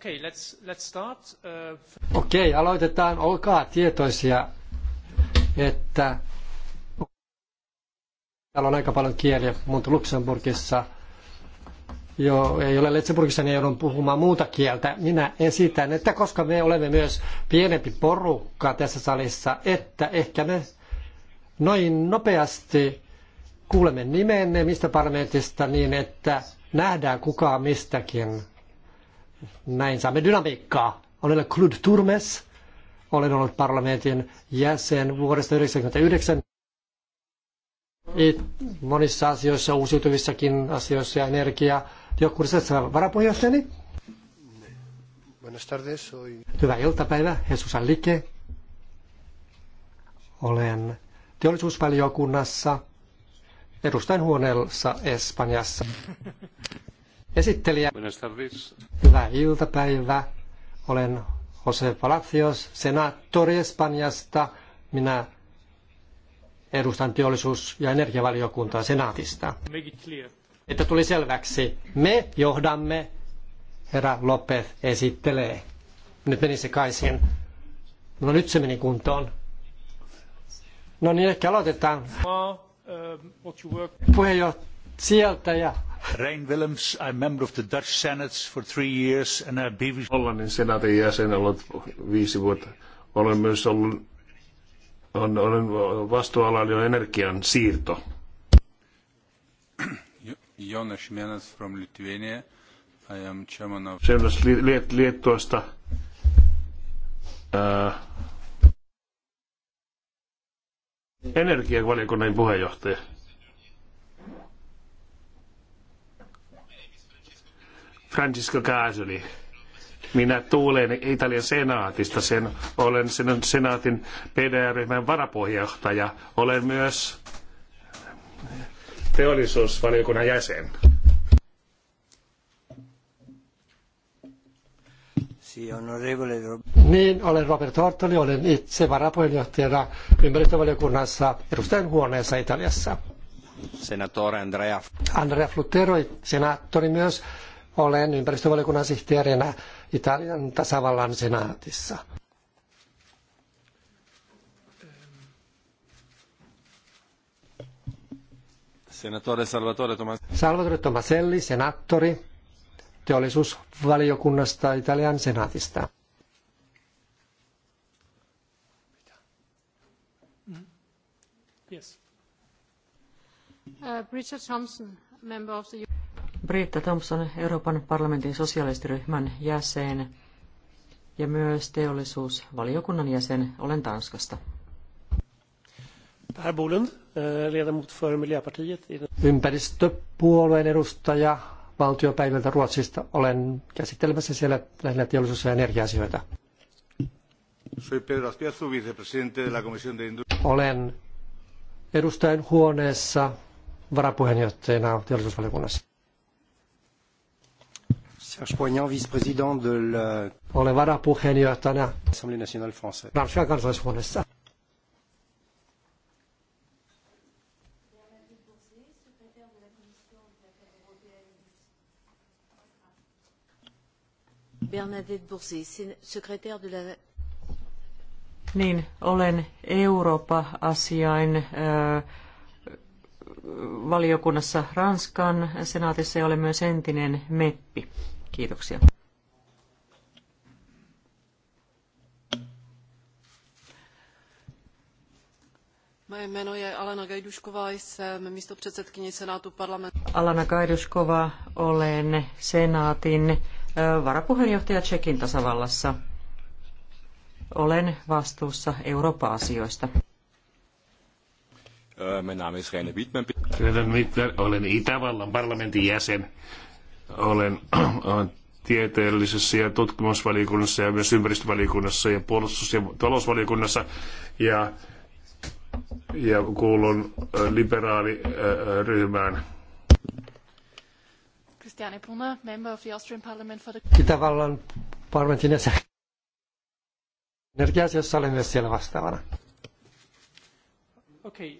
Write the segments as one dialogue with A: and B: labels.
A: Okay, let's, let's start. Uh...
B: Okei, okay, aloitetaan. Olkaa tietoisia, että täällä on aika paljon kieliä, mutta Luxemburgissa jo, ei ole Luxemburgissa, niin joudun puhumaan muuta kieltä. Minä esitän, että koska me olemme myös pienempi porukka tässä salissa, että ehkä me noin nopeasti kuulemme nimenne mistä parlamentista niin, että nähdään kuka mistäkin. Näin saamme dynamiikkaa. Olen Klud Turmes. Olen ollut parlamentin jäsen vuodesta 1999 monissa asioissa, uusiutuvissakin asioissa ja energia. Jokurisessa varapuheenjohtajani. Hyvää iltapäivää, Jesus Alike. Olen teollisuusvaliokunnassa edustan huoneessa Espanjassa. esittelijä. Hyvää iltapäivää. Olen Jose Palacios, senaattori Espanjasta. Minä edustan teollisuus- ja energiavaliokuntaa senaatista. Että tuli selväksi, me johdamme, herra Lopez esittelee. Nyt meni sekaisin. No nyt se meni kuntoon. No niin, ehkä aloitetaan.
A: Um,
C: Puheenjohtaja sieltä ja Rein Willems, I'm member of the Dutch Senate for three years and I've been... Hollannin senaatin jäsen
D: ollut viisi vuotta. Olen myös ollut on, olen vastuualani on energian siirto.
E: Jonas Mienas, from Lithuania. I am chairman of... Seuras
D: Liet, Liettuasta. Äh, energiavaliokunnan puheenjohtaja. Francisco Casoli. Minä tuulen Italian senaatista. Sen, olen sen senaatin PDR-ryhmän varapuheenjohtaja. Olen myös teollisuusvaliokunnan jäsen.
B: Niin, olen Robert Tortoli, olen itse varapuheenjohtajana ympäristövaliokunnassa edustajan huoneessa Italiassa.
F: Senatore Andrea.
B: Andrea Fluttero, senaattori myös olen ympäristövaliokunnan sihteerinä Italian tasavallan senaatissa.
G: Senatore Salvatore, Tomas...
B: Salvatore Tomaselli, senaattori teollisuusvaliokunnasta Italian senaatista.
H: Uh, Richard Thompson, member of the
I: Britta Thompson, Euroopan parlamentin sosialistiryhmän jäsen ja myös teollisuusvaliokunnan jäsen. Olen Tanskasta.
J: Per Bolund, eh, ledamot för Miljöpartiet.
I: Ympäristöpuolueen edustaja
B: valtiopäiviltä Ruotsista. Olen käsittelemässä siellä lähinnä teollisuus- ja energiasioita. Olen edustajan huoneessa varapuheenjohtajana teollisuusvaliokunnassa.
K: Serge Poignan, vice-président de la...
B: Olen varapuheenjohtajana
K: Assemblée nationale française.
L: Bernadette secrétaire de la...
I: Niin, olen Eurooppa-asiain valiokunnassa Ranskan senaatissa ja olen myös entinen meppi. Kiitoksia.
M: Moje jméno je Alena Gajduškova, jsem předsedkyně Senátu parlamentu.
I: Alena Gajduškova, olen senaatin eh, varapuheenjohtaja Čekin tasavallassa. Olen vastuussa Eurooppa-asioista.
D: Eh, Minä Name Reine Wittmann. Rainer Wittmann, olen Itävallan parlamentin jäsen Olen tieteellisessä ja tutkimusvaliokunnassa ja myös ympäristövaliokunnassa ja puolustus- ja talousvaliokunnassa ja, ja kuulun liberaaliryhmään.
M: Christiane Brunner, member of the Austrian Parliament for the...
B: Itävallan parlamentin jäsen. Energia-asioissa olen myös siellä vastaavana.
M: Okay,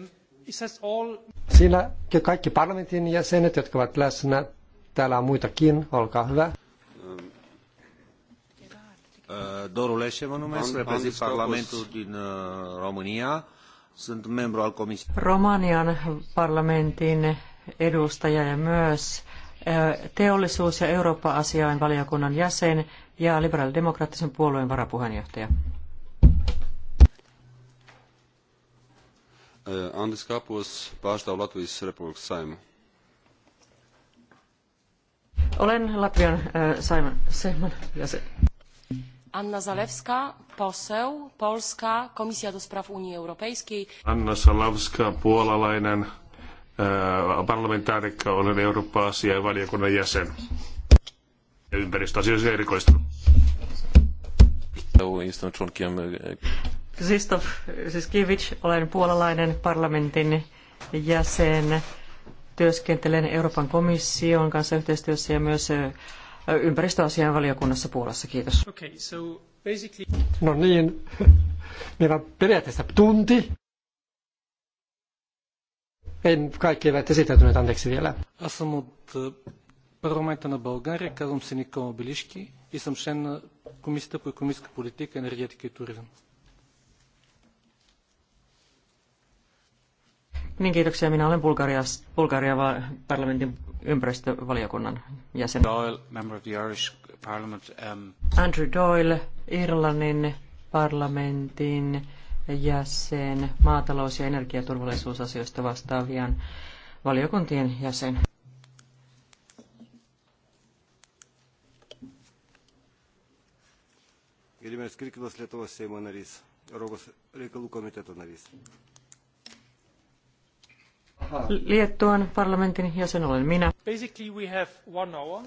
A: um, all...
B: Siinä kaikki parlamentin jäsenet, jotka ovat läsnä Täällä on muitakin, olkaa hyvä.
N: Uh, Doru Leșe mă numesc, reprezint Parlamentul din uh, România, sunt membru al Comisiei.
I: Romanian parlamentin edustaja ja myös uh, teollisuus- ja Eurooppa-asiain valiokunnan jäsen ja liberaalidemokraattisen puolueen varapuheenjohtaja.
O: Andis Kapus, pārstāv Latvijas Republikas saimu.
I: Olen Latvian Simon, Simon jäsen.
P: Anna Zalewska, poseł, Polska, Komisja do Spraw Unii Europejskiej.
D: Anna Zalewska, puolalainen äh, parlamentaarikko, olen Eurooppa-asiain valiokunnan jäsen ja ympäristöasioissa erikoistunut.
Q: Jestem członkiem... E,
I: Krzysztof Zyskiewicz, olen puolalainen parlamentin jäsen Työskentelen Euroopan komission kanssa yhteistyössä ja myös ympäristöasian valiokunnassa Puolassa. Kiitos. Okay, so basically... No niin, meillä on periaatteessa tunti.
B: En, kaikki eivät esittäytyneet, anteeksi vielä. Аз съм от парламента на България, казвам се Никола Белишки и съм член на
I: Niin kiitoksia. Minä olen Bulgarias, Bulgaria parlamentin ympäristövaliokunnan
R: jäsen. Doyle, member of the Irish Parliament. Um...
I: Andrew Doyle, Irlannin parlamentin jäsen, maatalous- ja energiaturvallisuusasioista vastaavien valiokuntien jäsen.
S: Gediminas Kirkilas, Lietuvos Seimo narys, Europos reikalų komiteto narys. Liettuan
I: parlamentin jäsen olen minä.
S: Basically we
A: have one hour.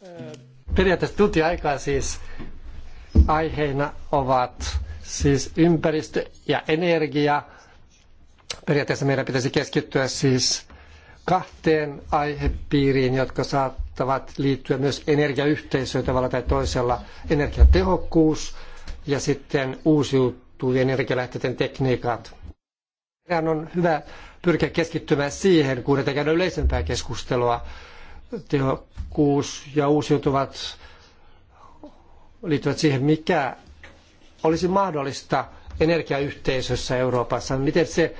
I: Uh, Periaatteessa tunti aikaa siis
B: aiheena ovat siis ympäristö ja energia. Periaatteessa meidän pitäisi keskittyä siis kahteen aihepiiriin, jotka saattavat liittyä myös energiayhteisöön tavalla tai toisella. Energiatehokkuus ja sitten uusiutuvien energialähteiden tekniikat. Meidän on hyvä pyrkiä keskittymään siihen, kun ne käydään yleisempää keskustelua. Tehokkuus ja uusiutuvat liittyvät siihen, mikä olisi mahdollista energiayhteisössä Euroopassa, miten se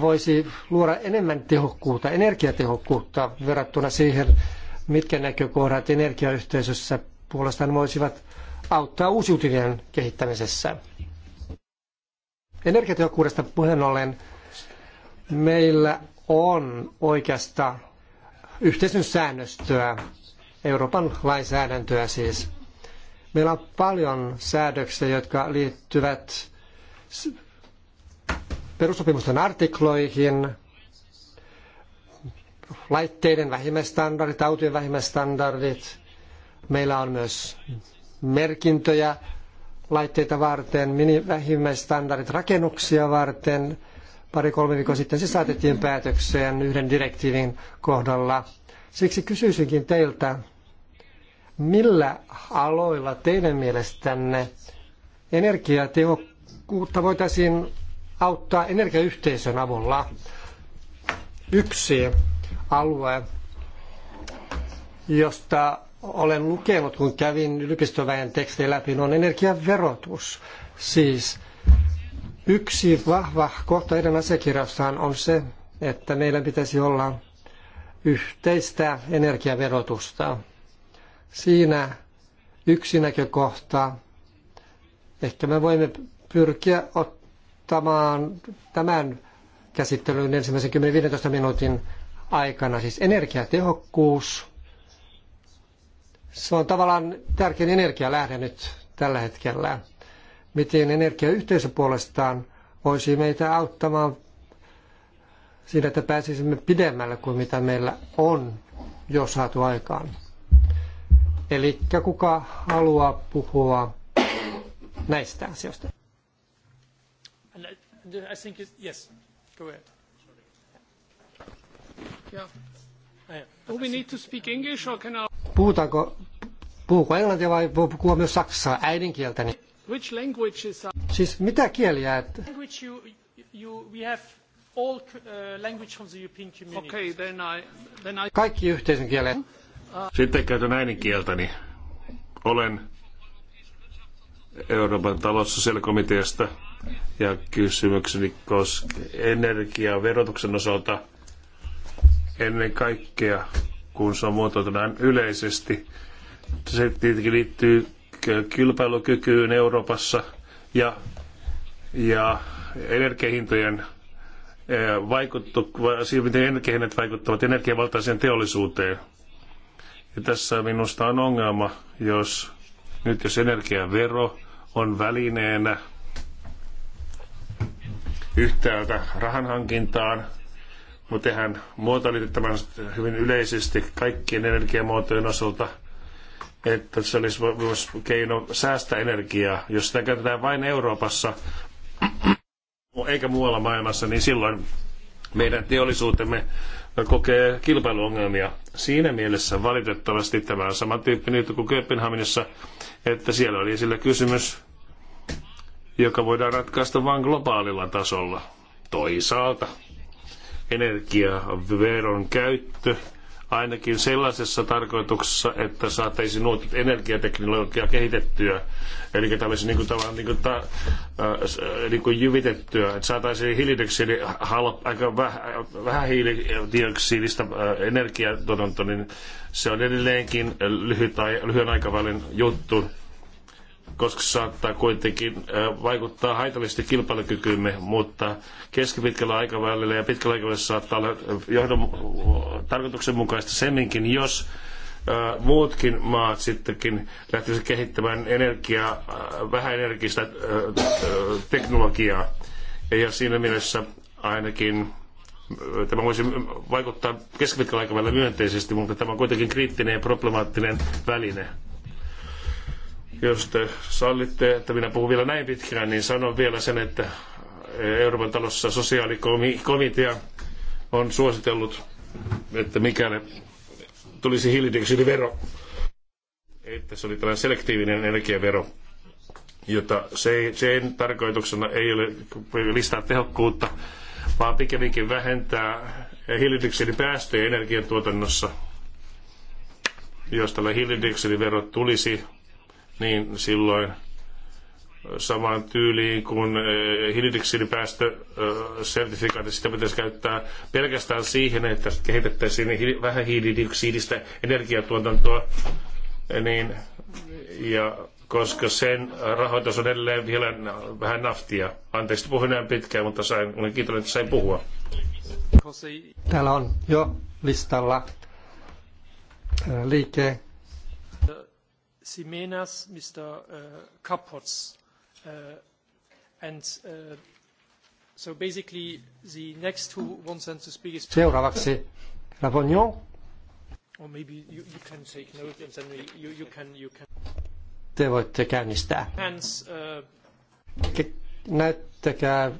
B: voisi luoda enemmän tehokkuutta, energiatehokkuutta verrattuna siihen, mitkä näkökohdat energiayhteisössä puolestaan voisivat auttaa uusiutuvien kehittämisessä. Energiatehokkuudesta puheen ollen meillä on oikeasta yhteisön säännöstöä, Euroopan lainsäädäntöä siis. Meillä on paljon säädöksiä, jotka liittyvät perusopimusten artikloihin, laitteiden vähimmäistandardit, autojen vähimmäistandardit. Meillä on myös merkintöjä laitteita varten, mini vähimmäistandardit rakennuksia varten – Pari-kolme viikkoa sitten se saatettiin päätökseen yhden direktiivin kohdalla. Siksi kysyisinkin teiltä, millä aloilla teidän mielestänne energiatehokkuutta voitaisiin auttaa energiayhteisön avulla? Yksi alue, josta olen lukenut, kun kävin yliopistoväen tekstejä läpi, on energiaverotus. Siis Yksi vahva kohta heidän asiakirjassaan on se, että meillä pitäisi olla yhteistä energiaverotusta. Siinä yksi näkökohta. Ehkä me voimme pyrkiä ottamaan tämän käsittelyyn ensimmäisen 10-15 minuutin aikana, siis energiatehokkuus. Se on tavallaan tärkein energialähde nyt tällä hetkellä miten energiayhteisö puolestaan voisi meitä auttamaan siinä, että pääsisimme pidemmälle kuin mitä meillä on jo saatu aikaan. Eli kuka haluaa puhua näistä asioista?
A: I think yes, go ahead. Yeah. Oh, we need to speak English or can I...
B: Puhutaanko, puhuko englantia vai puhua myös saksaa äidinkieltäni? Niin?
A: Which languages are...
B: Siis mitä kieliä? Että...
A: Language you, you, we have all uh, language from the European community. Okay, then I,
B: then I... Kaikki yhteisen kielen. Sitten käytän äidinkieltäni. Olen
D: Euroopan taloussosiaalikomiteasta ja kysymykseni koskee energiaa verotuksen osalta ennen kaikkea, kun se on näin yleisesti. Se tietenkin liittyy kilpailukykyyn Euroopassa ja, ja energiahintojen eh, vaikuttu, siihen, miten energiahinnat vaikuttavat energiavaltaiseen teollisuuteen. Ja tässä minusta on ongelma, jos nyt jos energiavero on välineenä yhtäältä rahanhankintaan, mutta hän muotoilitte tämän hyvin yleisesti kaikkien energiamuotojen osalta – että se olisi myös keino säästää energiaa. Jos sitä käytetään vain Euroopassa eikä muualla maailmassa, niin silloin meidän teollisuutemme kokee kilpailuongelmia. Siinä mielessä valitettavasti tämä on tyyppi nyt kuin Kööpenhaminassa, että siellä oli sillä kysymys, joka voidaan ratkaista vain globaalilla tasolla. Toisaalta energiaveron käyttö ainakin sellaisessa tarkoituksessa, että saataisiin uutta energiateknologiaa kehitettyä, eli tämmöisen niin kuin, tavallaan, niin kuin, ta, äh, niin kuin jyvitettyä, että saataisiin hiilidioksidi, halp, aika vähän hiilidioksidista äh, energiatuotantoa, niin se on edelleenkin lyhyt, lyhyen aikavälin juttu koska se saattaa kuitenkin vaikuttaa haitallisesti kilpailukykyymme, mutta keskipitkällä aikavälillä ja pitkällä aikavälillä saattaa olla johdon, tarkoituksenmukaista semminkin, jos muutkin maat sittenkin lähtisivät kehittämään energiaa, vähäenergistä teknologiaa. Ja siinä mielessä ainakin tämä voisi vaikuttaa keskipitkällä aikavälillä myönteisesti, mutta tämä on kuitenkin kriittinen ja problemaattinen väline. Jos te sallitte, että minä puhun vielä näin pitkään, niin sanon vielä sen, että eh, Euroopan talossa sosiaalikomitea on suositellut, että mikäli tulisi hiilidioksidivero, että se oli tällainen selektiivinen energiavero, jota sen tarkoituksena ei ole listaa tehokkuutta, vaan pikemminkin vähentää päästöjä energiantuotannossa. Jos tällä hiilidioksidivero tulisi niin silloin samaan tyyliin kuin eh, hiilidioksidipäästösertifikaatit, eh, sitä pitäisi käyttää pelkästään siihen, että kehitettäisiin vähän hiilidioksidista energiatuotantoa, eh, niin, ja koska sen rahoitus on edelleen vielä vähän naftia. Anteeksi, puhuin näin pitkään, mutta sain, olen kiitollinen, että sain
A: puhua.
B: Täällä on jo listalla liike
A: Simenas, Mr. Uh, Kapots. Uh, and uh, so basically the next who wants to speak is... Seuraavaksi Ravonjon. Or maybe you, you can take note and then you, you can... You can...
B: Te voitte käynnistää.
A: Hands, uh...
B: Näyttäkää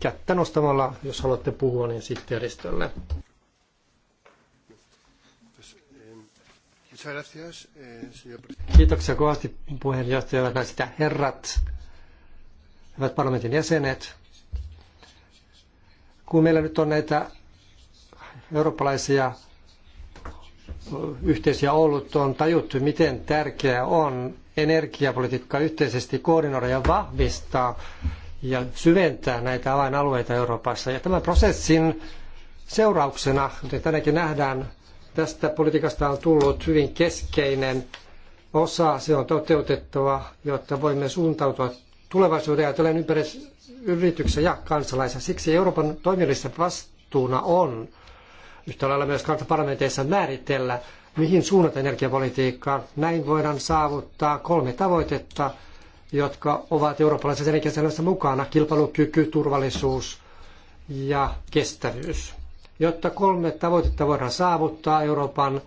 B: kättä nostamalla, jos haluatte puhua, niin sihteeristölle.
T: Eh,
B: Kiitoksia kovasti puheenjohtaja, hyvät herrat, hyvät parlamentin jäsenet. Kun meillä nyt on näitä eurooppalaisia yhteisiä ollut, on tajuttu, miten tärkeää on energiapolitiikkaa yhteisesti koordinoida ja vahvistaa ja syventää näitä avainalueita Euroopassa. Ja tämän prosessin seurauksena, kuten tänäkin nähdään, Tästä politiikasta on tullut hyvin keskeinen osa, se on toteutettava, jotta voimme suuntautua tulevaisuuteen ajatellen yrityksiä ja kansalaisia. Siksi Euroopan toimielisten vastuuna on yhtä lailla myös parlamenteissa määritellä, mihin suunnata energiapolitiikkaa. Näin voidaan saavuttaa kolme tavoitetta, jotka ovat eurooppalaisessa energiasäännössä mukana, kilpailukyky, turvallisuus ja kestävyys. Jotta kolme tavoitetta voidaan saavuttaa Euroopan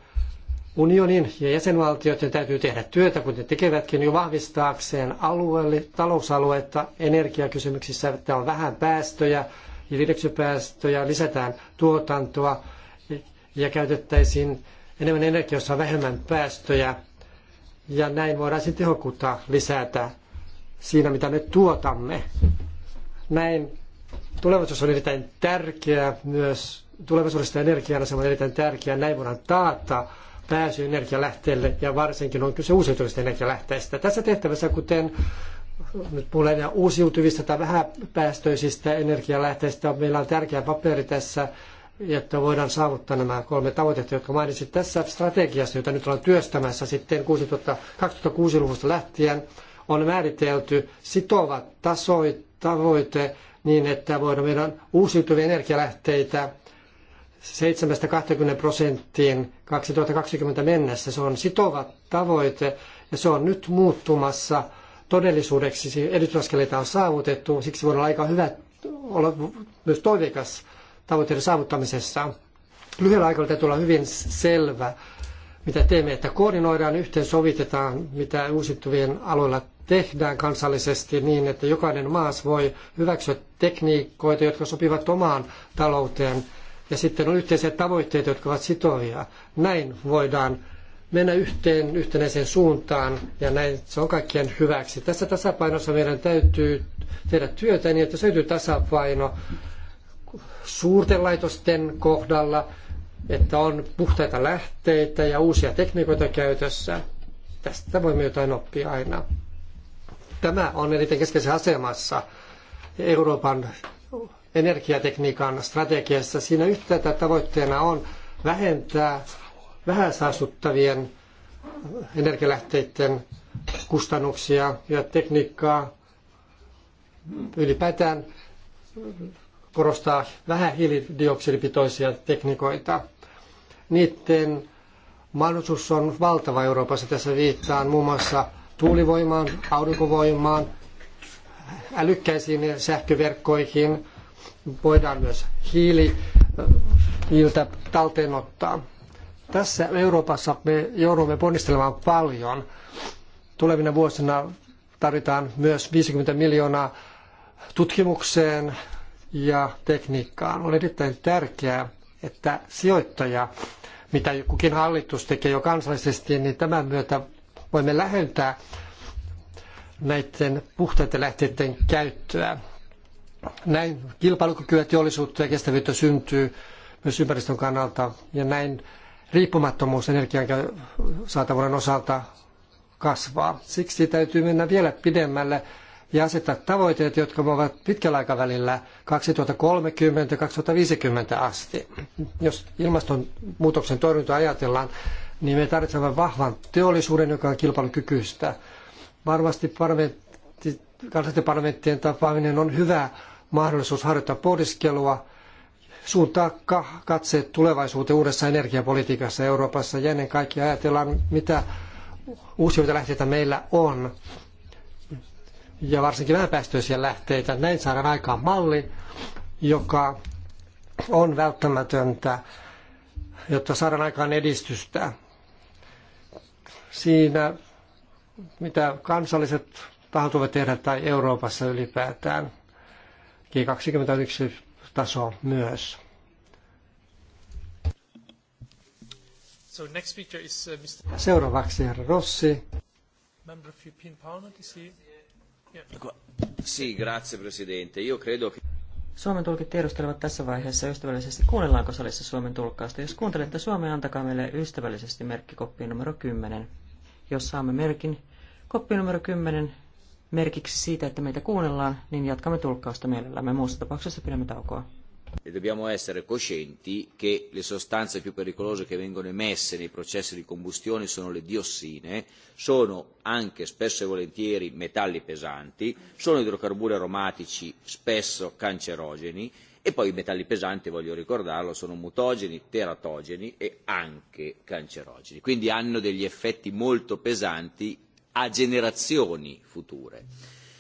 B: unionin ja jäsenvaltioiden niin täytyy tehdä työtä, kuten tekevätkin jo vahvistaakseen alueelle, talousaluetta energiakysymyksissä, että on vähän päästöjä, hiilidioksidipäästöjä, lisätään tuotantoa ja käytettäisiin enemmän energiaa, jossa on vähemmän päästöjä. Ja näin voidaan sitten tehokkuutta lisätä siinä, mitä me tuotamme. Näin tulevaisuus on erittäin tärkeä. myös tulevaisuudesta energian asema on erittäin tärkeä. Näin voidaan taata pääsy energialähteelle ja varsinkin on kyse uusiutuvista energialähteistä. Tässä tehtävässä, kuten nyt puhutaan uusiutuvista tai vähäpäästöisistä energialähteistä, meillä on tärkeä paperi tässä, että voidaan saavuttaa nämä kolme tavoitetta, jotka mainitsit tässä strategiassa, jota nyt ollaan työstämässä sitten 2006-luvusta lähtien, on määritelty sitova tasoit, tavoite niin, että voidaan meidän uusiutuvia energialähteitä 7-20 prosenttiin 2020 mennessä. Se on sitova tavoite ja se on nyt muuttumassa todellisuudeksi. Edistysaskeleita on saavutettu, siksi voi olla aika hyvä olla myös toiveikas tavoitteiden saavuttamisessa. Lyhyellä aikavälillä täytyy olla hyvin selvä, mitä teemme, että koordinoidaan, yhteensovitetaan, mitä uusittuvien aloilla tehdään kansallisesti niin, että jokainen maas voi hyväksyä tekniikoita, jotka sopivat omaan talouteen – ja sitten on yhteiset tavoitteet, jotka ovat sitovia. Näin voidaan mennä yhteen yhtenäiseen suuntaan ja näin se on kaikkien hyväksi. Tässä tasapainossa meidän täytyy tehdä työtä niin, että syntyy tasapaino suurten laitosten kohdalla, että on puhtaita lähteitä ja uusia tekniikoita käytössä. Tästä voimme jotain oppia aina. Tämä on eniten keskeisessä asemassa Euroopan energiatekniikan strategiassa. Siinä yhtäältä tavoitteena on vähentää vähän saastuttavien energialähteiden kustannuksia ja tekniikkaa ylipäätään korostaa vähän hiilidioksidipitoisia tekniikoita. Niiden mahdollisuus on valtava Euroopassa. Tässä viittaan muun muassa tuulivoimaan, aurinkovoimaan, älykkäisiin sähköverkkoihin – voidaan myös hiili, hiiltä talteen ottaa. Tässä Euroopassa me joudumme ponnistelemaan paljon. Tulevina vuosina tarvitaan myös 50 miljoonaa tutkimukseen ja tekniikkaan. On erittäin tärkeää, että sijoittaja, mitä kukin hallitus tekee jo kansallisesti, niin tämän myötä voimme lähentää näiden puhtaiden lähteiden käyttöä. Näin kilpailukykyä, teollisuutta ja kestävyyttä syntyy myös ympäristön kannalta ja näin riippumattomuus energian saatavuuden osalta kasvaa. Siksi täytyy mennä vielä pidemmälle ja asettaa tavoitteet, jotka ovat pitkällä aikavälillä 2030-2050 asti. Jos ilmastonmuutoksen torjuntaa ajatellaan, niin me tarvitsemme vahvan teollisuuden, joka on kilpailukykyistä. Varmasti kansallisten parlamenttien tapaaminen on hyvä mahdollisuus harjoittaa pohdiskelua, suuntaa katseet tulevaisuuteen uudessa energiapolitiikassa Euroopassa ja ennen kaikkea ajatellaan, mitä uusiutuvia lähteitä meillä on ja varsinkin vähäpäästöisiä lähteitä. Näin saadaan aikaan malli, joka on välttämätöntä, jotta saadaan aikaan edistystä. Siinä, mitä kansalliset tahtoivat tehdä tai Euroopassa ylipäätään. G21-taso myös.
A: So next speaker is,
U: uh, Mr.
B: Seuraavaksi herra Rossi.
A: Member of European Parliament is
U: grazie Presidente. Io credo che...
I: Suomen tulkit tiedustelevat tässä vaiheessa ystävällisesti, kuunnellaanko salissa Suomen tulkkausta. Jos kuuntelette Suomea, antakaa meille ystävällisesti merkki koppiin numero 10. Jos saamme merkin koppiin numero 10, merkiksi siitä, että meitä kuunnellaan, niin jatkamme tulkkausta mielellämme. Muussa tapauksessa pidämme taukoa.
V: E
U: dobbiamo essere coscienti che le sostanze più pericolose che vengono emesse nei processi di combustione sono le diossine, sono anche spesso e volentieri metalli pesanti, sono idrocarburi aromatici spesso cancerogeni e poi i metalli pesanti, voglio ricordarlo, sono mutogeni, teratogeni e anche cancerogeni. Quindi hanno degli effetti molto pesanti a generazioni future.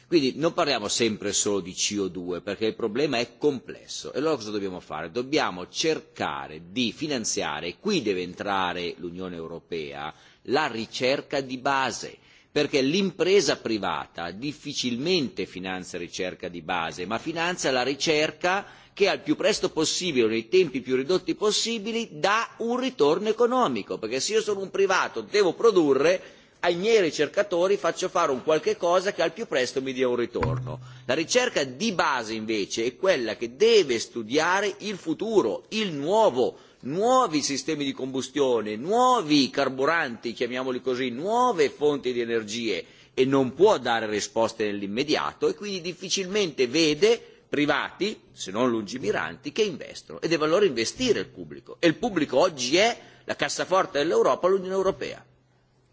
U: Quindi non parliamo sempre solo di CO2 perché il problema è complesso e allora cosa dobbiamo fare? Dobbiamo cercare di finanziare, e qui deve entrare l'Unione Europea, la ricerca di base perché l'impresa privata difficilmente finanzia ricerca di base, ma finanzia la ricerca che al più presto possibile, nei tempi più ridotti possibili, dà un ritorno economico, perché se io sono un privato, devo produrre, ai miei ricercatori faccio fare un qualche cosa che al più presto mi dia un ritorno. La ricerca di base invece è quella che deve studiare il futuro, il nuovo, nuovi sistemi di combustione, nuovi carburanti, chiamiamoli così, nuove fonti di energie e non può dare risposte nell'immediato e quindi difficilmente vede privati, se non lungimiranti, che investono e deve allora investire il pubblico e il pubblico oggi è la cassaforte dell'Europa, l'Unione Europea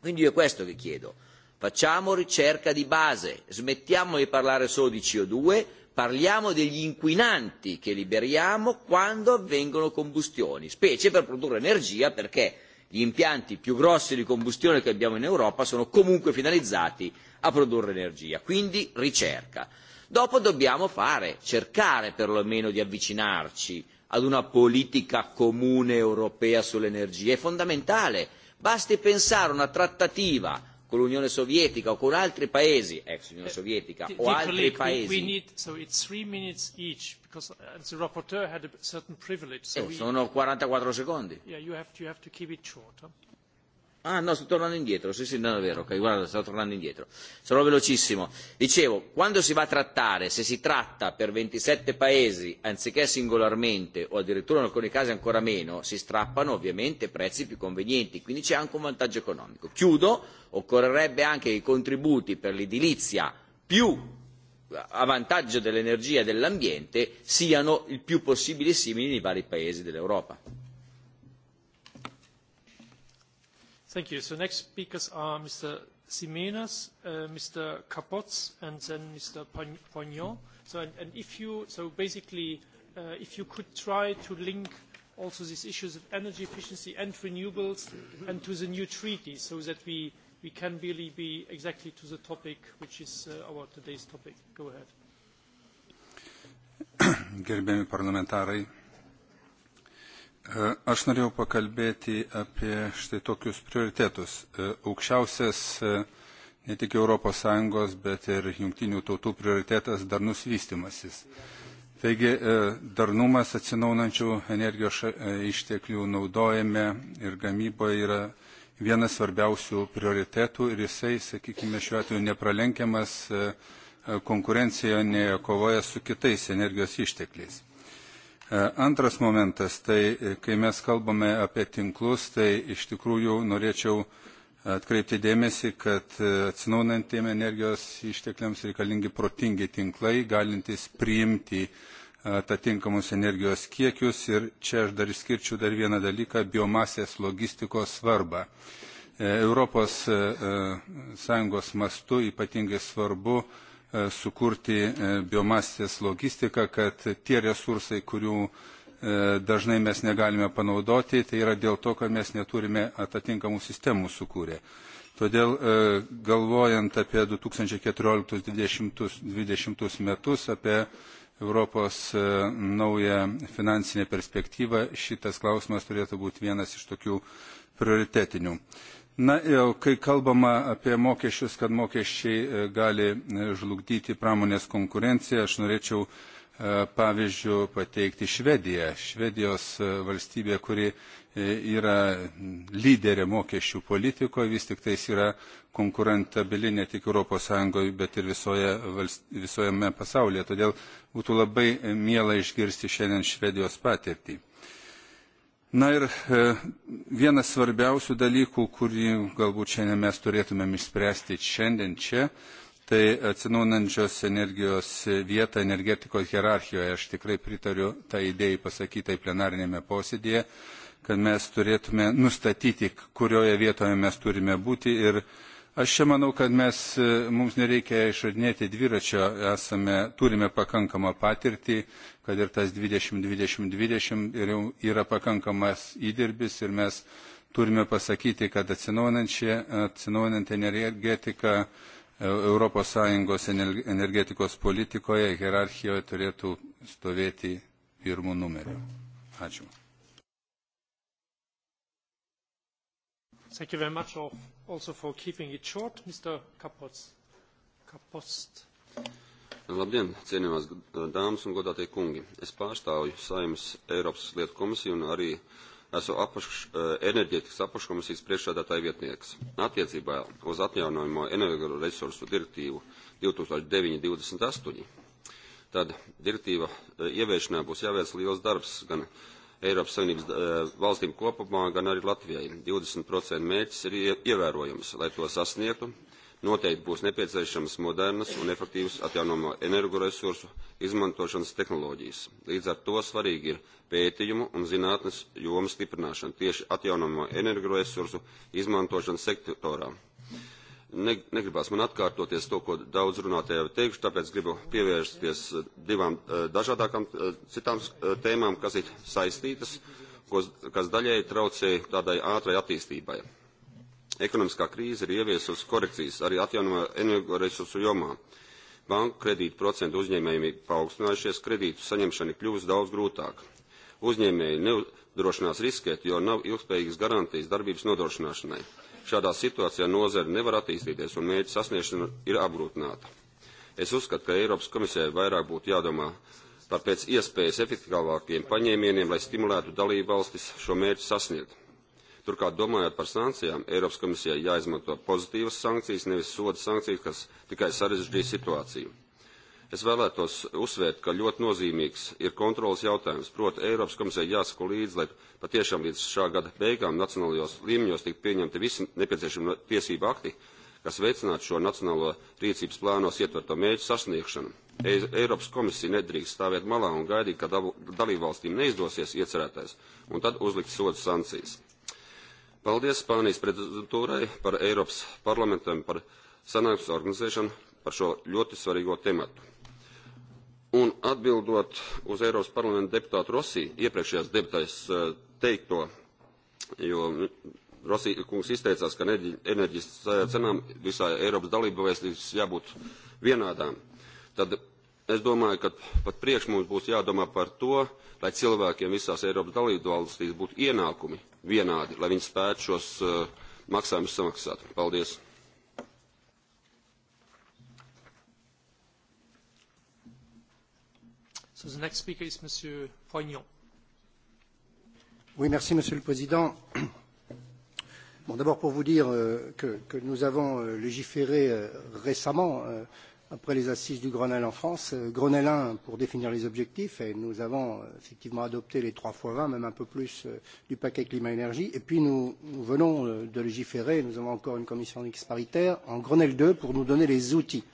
U: Quindi io è questo che chiedo. Facciamo ricerca di base, smettiamo di parlare solo di CO2, parliamo degli inquinanti che liberiamo quando avvengono combustioni, specie per produrre energia perché gli impianti più grossi di combustione che abbiamo in Europa sono comunque finalizzati a produrre energia, quindi ricerca. Dopo dobbiamo fare, cercare perlomeno di avvicinarci ad una politica comune europea sull'energia, è fondamentale Basti pensare a una trattativa con l'Unione Sovietica o con altri paesi, ex Unione eh, Sovietica o altri paesi.
A: Uh, eh, sono
U: 44 secondi.
A: Yeah, you have to, you have to keep it short, huh?
U: Ah no, sto tornando indietro, sì sì, no è vero, okay, guarda, sto tornando indietro. Sarò velocissimo. Dicevo, quando si va a trattare, se si tratta per 27 paesi anziché singolarmente o addirittura in alcuni casi ancora meno, si strappano ovviamente prezzi più convenienti, quindi c'è anche un vantaggio economico. Chiudo, occorrerebbe anche i contributi per l'edilizia più a vantaggio dell'energia e dell'ambiente siano il più possibile simili nei vari paesi dell'Europa.
A: Thank you. So next speakers are Mr. Simenas, uh, Mr. Kapots, and then Mr. Pognon. So, and, and if you, so basically, uh, if you could try to link also these issues of energy efficiency and renewables and to the new treaty so that we, we can really be exactly to the topic which is uh, our today's topic. Go ahead.
E: Gerbiami parlamentarai, E, aš norėjau pakalbėti apie štai tokius prioritetus. E, aukščiausias e, ne tik ES, bet ir jungtinių tautų prioritetas darnus vystimasis. Taigi darnumas atsinaunančių energijos išteklių naudojame ir gamyboje yra vienas svarbiausių prioritetų ir jisai, sakykime, šiuo atveju nepralenkiamas konkurencijoje kovoje su kitais energijos ištekliais. E, antras momentas, tai e, kai mes kalbame apie tinklus, tai iš tikrųjų norėčiau e, atkreipti dėmesį, kad atsinaujinantiems energijos ištekliams reikalingi protingi tinklai, galintys priimti atitinkamus energijos kiekius ir čia aš dar išskirčiau dar vieną dalyką biomasės logistikos svarbą. Europos Sąjungos mastu ypatingai svarbu E, sukurti e, biomasės logistiką, kad tie resursai, kurių e, dažnai mes negalime panaudoti, tai yra dėl to, kad mes neturime atatinkamų sistemų sukūrę. Todėl galvojant apie 2014-2020 metus, apie Europos naują finansinę perspektyvą, šitas klausimas turėtų būti vienas iš tokių prioritetinių. Na, jau kai kalbama apie mokesčius, kad mokesčiai e, gali e, žlugdyti pramonės konkurenciją, aš norėčiau e, pavyzdžiu pateikti Švediją. Švedijos valstybė, kuri yra lyderė mokesčių politikoje, vis tik tai yra konkurentabili ne tik sąjungoje bet ir visoje, visojame pasaulyje. Todėl būtų labai miela išgirsti šiandien Švedijos patirtį. Na ir e, vienas svarbiausių dalykų, kurį galbūt šiandien mes turėtumėm išspręsti šiandien čia, tai atsinaunančios energijos vieta energetikos hierarchijoje. Aš tikrai pritariu tą idėją pasakytai plenarinėme posėdėje, kad mes turėtume nustatyti, kurioje vietoje mes turime būti ir Aš čia manau, kad mes, e, mums nereikia išradinėti dviračio, esame, turime pakankamą patirtį, kad ir tas 20-20-20 ir jau yra pakankamas įdirbis ir mes turime pasakyti, kad atsinaujinanti energetika e, Europos Sąjungos energetikos politikoje hierarchijoje turėtų stovėti pirmų numerių. Ačiū
A: also for keeping it short. Mr. Kapots. Kapost.
O: Labdien, cienījumās eh, dāmas un godātie kungi. Es pārstāvu Saimas Eiropas lietu komisiju un arī esmu apaš, eh, enerģētikas apakškomisijas priekšsēdētāja vietnieks. Attiecībā uz atjaunojamo energoresursu direktīvu 2009-28, tad direktīva eh, ieviešanā būs jāveic liels darbs gan Eiropas Savienības eh, valstīm kopumā, gan arī Latvijai. 20% mērķis ir ievērojams. Lai to sasniegtu, noteikti būs nepieciešamas modernas un efektīvas atjaunojamo energoresursu izmantošanas tehnoloģijas. Līdz ar to svarīgi ir pētījumu un zinātnes jomas stiprināšana tieši atjaunojamo energoresursu izmantošanas sektorā, ne, negribas man atkārtoties to, ko daudz runātie jau teikuši, tāpēc gribu pievērsties eh, divām eh, dažādākām eh, citām tēmām, kas ir saistītas, kas daļēji traucē tādai ātrai attīstībai. Ekonomiskā krīze ir ieviesusi korekcijas arī atjaunojamo energoresursu jomā. Banku kredītu procentu uzņēmējumi paaugstinājušies, kredītu saņemšana ir kļuvusi daudz grūtāk. Uzņēmēji neuzdrošinās riskēt, jo nav ilgspējīgas garantijas darbības nodrošināšanai Šādā situācijā nozara nevar attīstīties un mērķa sasniegšana ir apgrūtināta. Es uzskatu, ka Eiropas komisijai vairāk būtu jādomā par pēc iespējas efektīvākiem paņēmieniem, lai stimulētu dalību valstis šo mērķu sasniegt. Turklāt, domājot par sankcijām, Eiropas komisijai jāizmanto pozitīvas sankcijas, nevis soda sankcijas, kas tikai sarežģīja situāciju. Es vēlētos uzsvērt, ka ļoti nozīmīgs ir kontrolas jautājums. Proti, Eiropas komisija jāsako līdzi, lai patiešām līdz šā gada beigām nacionālajos līmeņos tiktu pieņemti visi nepieciešami tiesību akti, kas veicinātu šo nacionālo rīcības plānos ietverto mērķu sasniegšanu. Eiropas komisija nedrīkst stāvēt malā un gaidīt, ka dalībvalstīm neizdosies iecerētais, un tad uzlikt sodu sankcijas. Paldies Spānijas prezidentūrai par Eiropas parlamentam par sanāksmes organizēšanu par šo ļoti svarīgo tematu. Un atbildot uz Eiropas parlamenta deputātu Rosī iepriekšējās debatēs eh, teikto, jo mm, Rosī kungs izteicās, ka enerģijas eh, cenām visā Eiropas dalība vēstības jābūt vienādām, tad es domāju, ka pat priekš mums būs jādomā par to, lai cilvēkiem visās Eiropas dalību valstīs būtu ienākumi vienādi, lai viņi spētu šos eh, maksājumus samaksāt. Paldies!
A: So the next speaker is Monsieur Poignon.
K: Oui, merci Monsieur le Président. Bon, D'abord pour vous dire euh, que, que nous avons euh, légiféré euh, récemment euh, après les assises du Grenelle en France, euh, Grenelle 1 pour définir les objectifs et nous avons euh, effectivement adopté les 3 fois 20, même un peu plus euh, du paquet climat-énergie et puis nous, nous venons euh, de légiférer, nous avons encore une commission mixte paritaire en Grenelle 2 pour nous donner les outils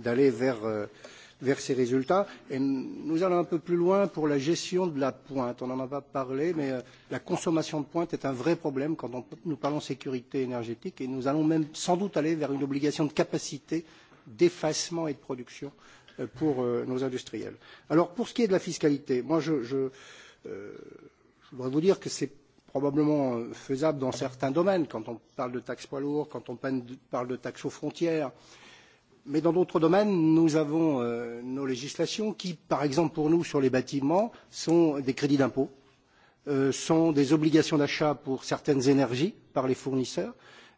K: d'aller vers euh, vers ces résultats. Et nous allons un peu plus loin pour la gestion de la pointe. On n'en a pas parlé, mais euh, la consommation de pointe est un vrai problème quand on, nous parlons sécurité énergétique. Et nous allons même sans doute aller vers une obligation de capacité d'effacement et de production euh, pour euh, nos industriels. Alors pour ce qui est de la fiscalité, moi je, je, euh, je voudrais vous dire que c'est probablement faisable dans certains domaines, quand on parle de taxes poids lourds, quand on parle de taxes aux frontières. Euh, Mais dans d'autres domaines, nous avons euh, nos législations qui, par exemple pour nous sur les bâtiments, sont des crédits d'impôt, euh, sont des obligations d'achat pour certaines énergies par les fournisseurs.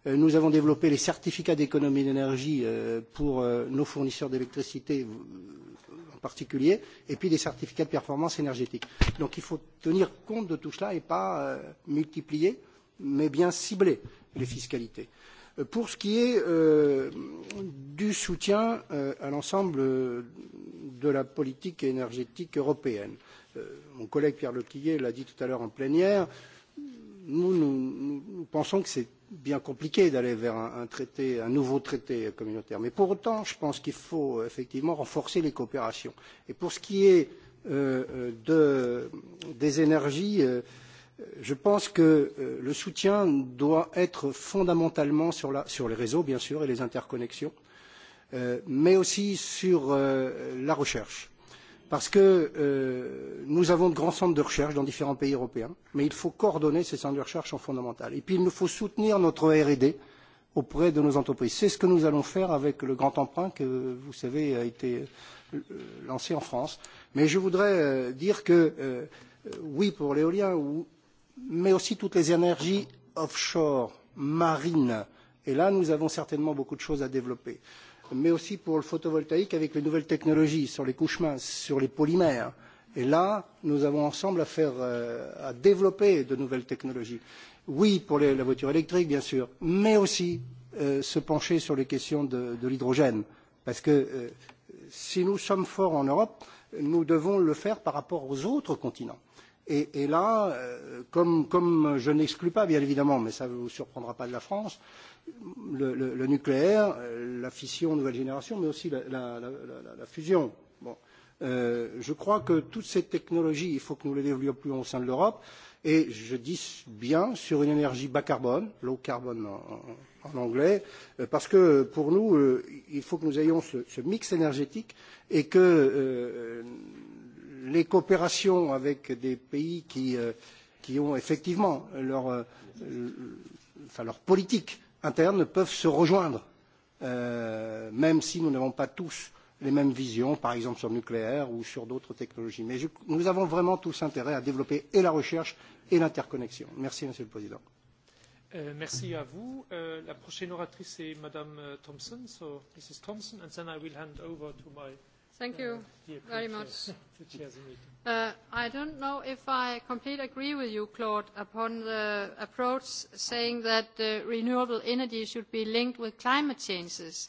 K: Euh, nous avons développé les certificats d'économie d'énergie euh, pour euh, nos fournisseurs d'électricité euh, en particulier, et puis des certificats de performance énergétique. Donc il faut tenir compte de tout cela et pas euh, multiplier, mais bien cibler les fiscalités. Pour ce qui est euh, du soutien euh, à l'ensemble de la politique énergétique européenne, euh, mon collègue Pierre Lequillier l'a dit tout à l'heure en plénière, nous, nous, nous pensons que c'est bien compliqué d'aller vers un, un traité, un nouveau traité communautaire. Mais pour autant, je pense qu'il faut effectivement renforcer les coopérations. Et pour ce qui est euh, euh de, des énergies, euh, je pense que euh, le soutien doit être fondamentalement sur, la, sur les réseaux, bien sûr, et les interconnexions, euh, mais aussi sur euh, la recherche. Parce que euh, nous avons de grands centres de recherche dans différents pays européens, mais il faut coordonner ces centres de recherche en fondamental. Et puis il nous faut soutenir notre R&D auprès de nos entreprises. C'est ce que nous allons faire avec le grand emprunt que, vous savez, a été euh, lancé en France. Mais je voudrais euh, dire que, oui pour l'éolien, mais aussi toutes les énergies offshore, marines. Et là, nous avons certainement beaucoup de choses à développer. Mais aussi pour le photovoltaïque avec les nouvelles technologies sur les couches minces, sur les polymères. Et là, nous avons ensemble à, faire, euh, à développer de nouvelles technologies. Oui, pour les, la voiture électrique, bien sûr, mais aussi euh, se pencher sur les questions de, de l'hydrogène. Parce que euh, si nous sommes forts en Europe, nous devons le faire par rapport aux autres continents et, là, euh, comme, comme je n'exclus pas, bien évidemment, mais ça ne vous surprendra pas de la France, le, le, le nucléaire, euh, la fission nouvelle génération, mais aussi la, la, la, la, la fusion. Bon. Euh, je crois que toutes ces technologies, il faut que nous les développions au sein de l'Europe, et je dis bien sur une énergie bas carbone, low carbone en, en, en anglais, euh, parce que pour nous, il faut que nous ayons ce, ce mix énergétique et que. Euh, les coopérations avec des pays qui, euh, qui ont effectivement leur, euh, enfin leur politique interne peuvent se rejoindre, euh, même si nous n'avons pas tous les mêmes visions, par exemple sur le nucléaire ou sur d'autres technologies. Mais je, nous avons vraiment tous intérêt à développer et la recherche et l'interconnexion. Merci, Monsieur le Président.
A: Uh, merci à vous. Uh, la prochaine oratrice est Madame euh, Thompson, so Mrs. Thompson, and then I will hand over to my
H: Thank you uh, very much. Uh, I don't know if I completely agree with you, Claude, upon the approach saying that uh, renewable energy should be linked with climate changes,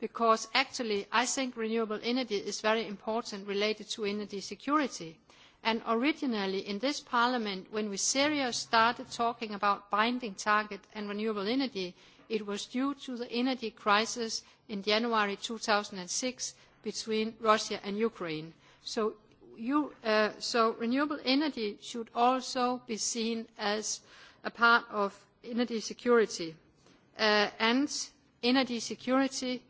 H: because actually I think renewable energy is very important related to energy security. And originally in this parliament, when we seriously started talking about binding target and renewable energy, it was due to the energy crisis in January 2006 between Russia and Ukraine. So, you, uh, so renewable energy should also be seen as a part of energy security. Uh, and energy security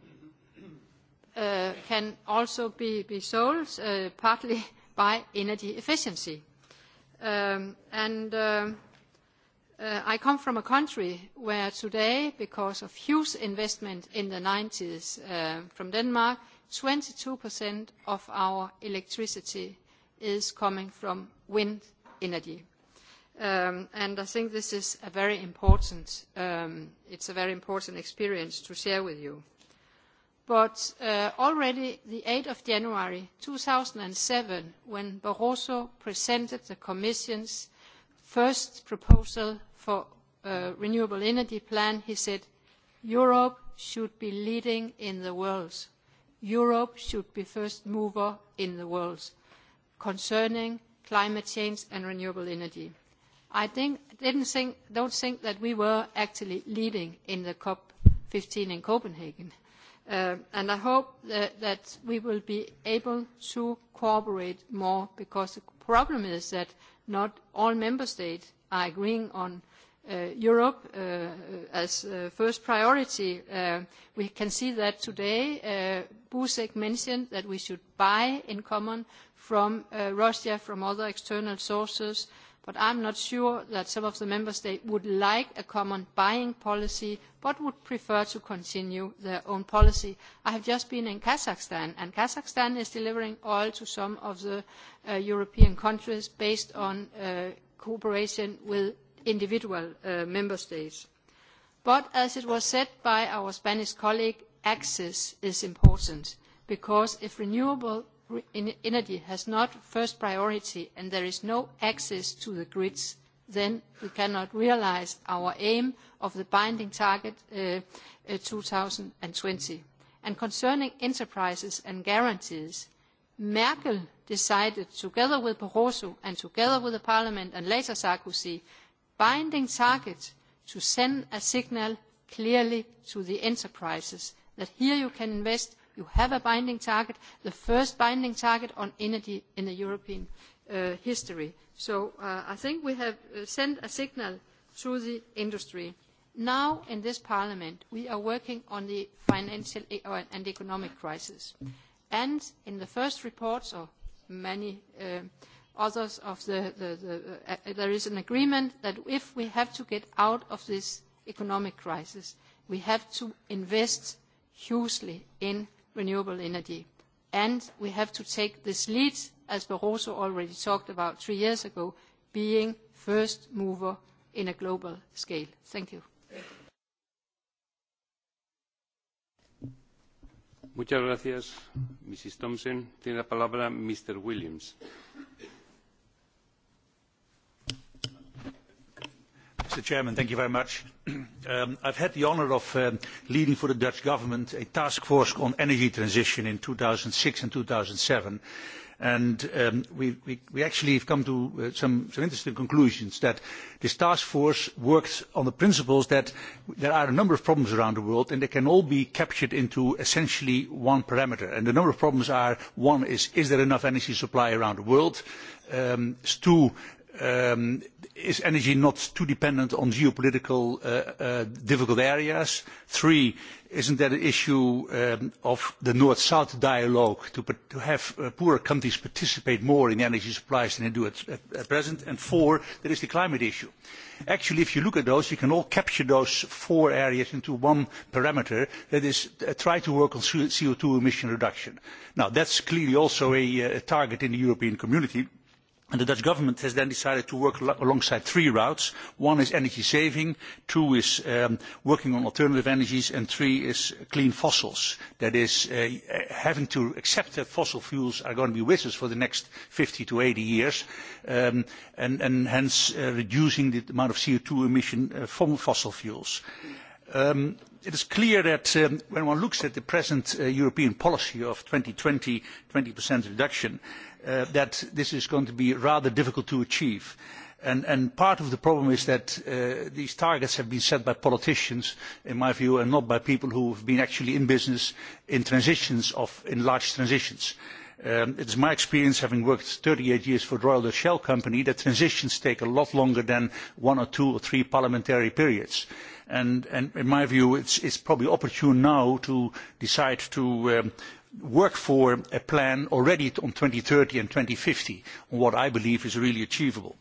H: uh, can also be, be solved uh, partly by energy efficiency. Um, and um, uh, I come from a country where today, because of huge investment in the 90s uh, from Denmark, 22% of our electricity is coming from wind energy. Um, and I think this is a very important, um, it's a very important experience to share with you. But uh, already the 8th of January 2007, when Barroso presented the Commission's first proposal for a renewable energy plan, he said, Europe should be leading in the world Europe should be first mover in the world concerning climate change and renewable energy. I think, didn't think, don't think that we were actually leading in the COP15 in Copenhagen. Uh, and I hope that, that we will be able to cooperate more because the problem is that not all member states are agreeing on Uh, Europe uh, uh, as first priority. We can see that today. Buzek mentioned that we should buy in common from Russia, from other external sources, but I'm not sure that some of the member states would like a common buying policy, but would prefer to continue their own policy. I have just been in Kazakhstan, and Kazakhstan is delivering oil to some of the European countries based on cooperation with individual uh, member states. But as it was said by our Spanish colleague, access is important because if renewable re energy has not first priority and there is no access to the grids, then we cannot realise our aim of the binding target uh, uh, 2020. And concerning enterprises and guarantees, Merkel decided, together with Barroso and together with the Parliament and later Sarkozy, binding target to send a signal clearly to the enterprises that here you can invest, you have a binding target, the first binding target on energy in the European uh, history. So uh, I think we have uh, sent a signal to the industry. Now in this parliament, we are working on the financial e, and economic crisis. And in the first reports, or many uh, others of the, the, the uh, there is an agreement that if we have to get out of this economic crisis, we have to invest hugely in renewable energy. And we have to take this lead, as Barroso already talked about three years ago, being first mover in a global scale. Thank you.
W: Muchas gracias, Mrs. Thompson. Tiene la palabra Mr. Williams.
C: Mr. president thank you very much. um, had the honour of um, leading for the Dutch government a task force on energy transition in two thousand and six And two thousand and seven and um, we actually have come to uh, some, interesting conclusions that this task force works on the principle that there are a number of problems around the world and they can all be captured into essentially one parameter. And the number of problems are, one is, there enough energy supply around the world? Um, two, um, is energy not too dependent on geopolitical uh, uh, difficult areas? Three, isn't that an issue um, of the North-South dialogue to, to have uh, poorer countries participate more in energy supplies than they do at, at, at present? And four, there is the climate issue. Actually, if you look at those, you can all capture those four areas into one parameter, that is, uh, try to work on CO2 emission reduction. Now, that's clearly also a, uh, a target in the European community And the Dutch government has then decided to work alongside three routes. One is energy saving, two is um, working on alternative energies, and three is clean fossils. That is, uh, having to accept that fossil fuels are going to be with us for the next 50 to 80 years, um, and, and hence uh, reducing the amount of CO2 emission uh, from fossil fuels. Um, it is clear that um, when one looks at the present uh, European policy of 2020, 20% reduction, uh, that this is going to be rather difficult to achieve. And, and part of the problem is that uh, these targets have been set by politicians, in my view, and not by people who have been actually in business in transitions of, in large transitions. Um, it is my experience, having worked 38 years for the Royal Dutch Shell Company, that transitions take a lot longer than one or two or three parliamentary periods. And, and in my view, it's, it's probably opportune now to decide to um, work for a plan already on 2030 and 2050 on what I believe is really achievable.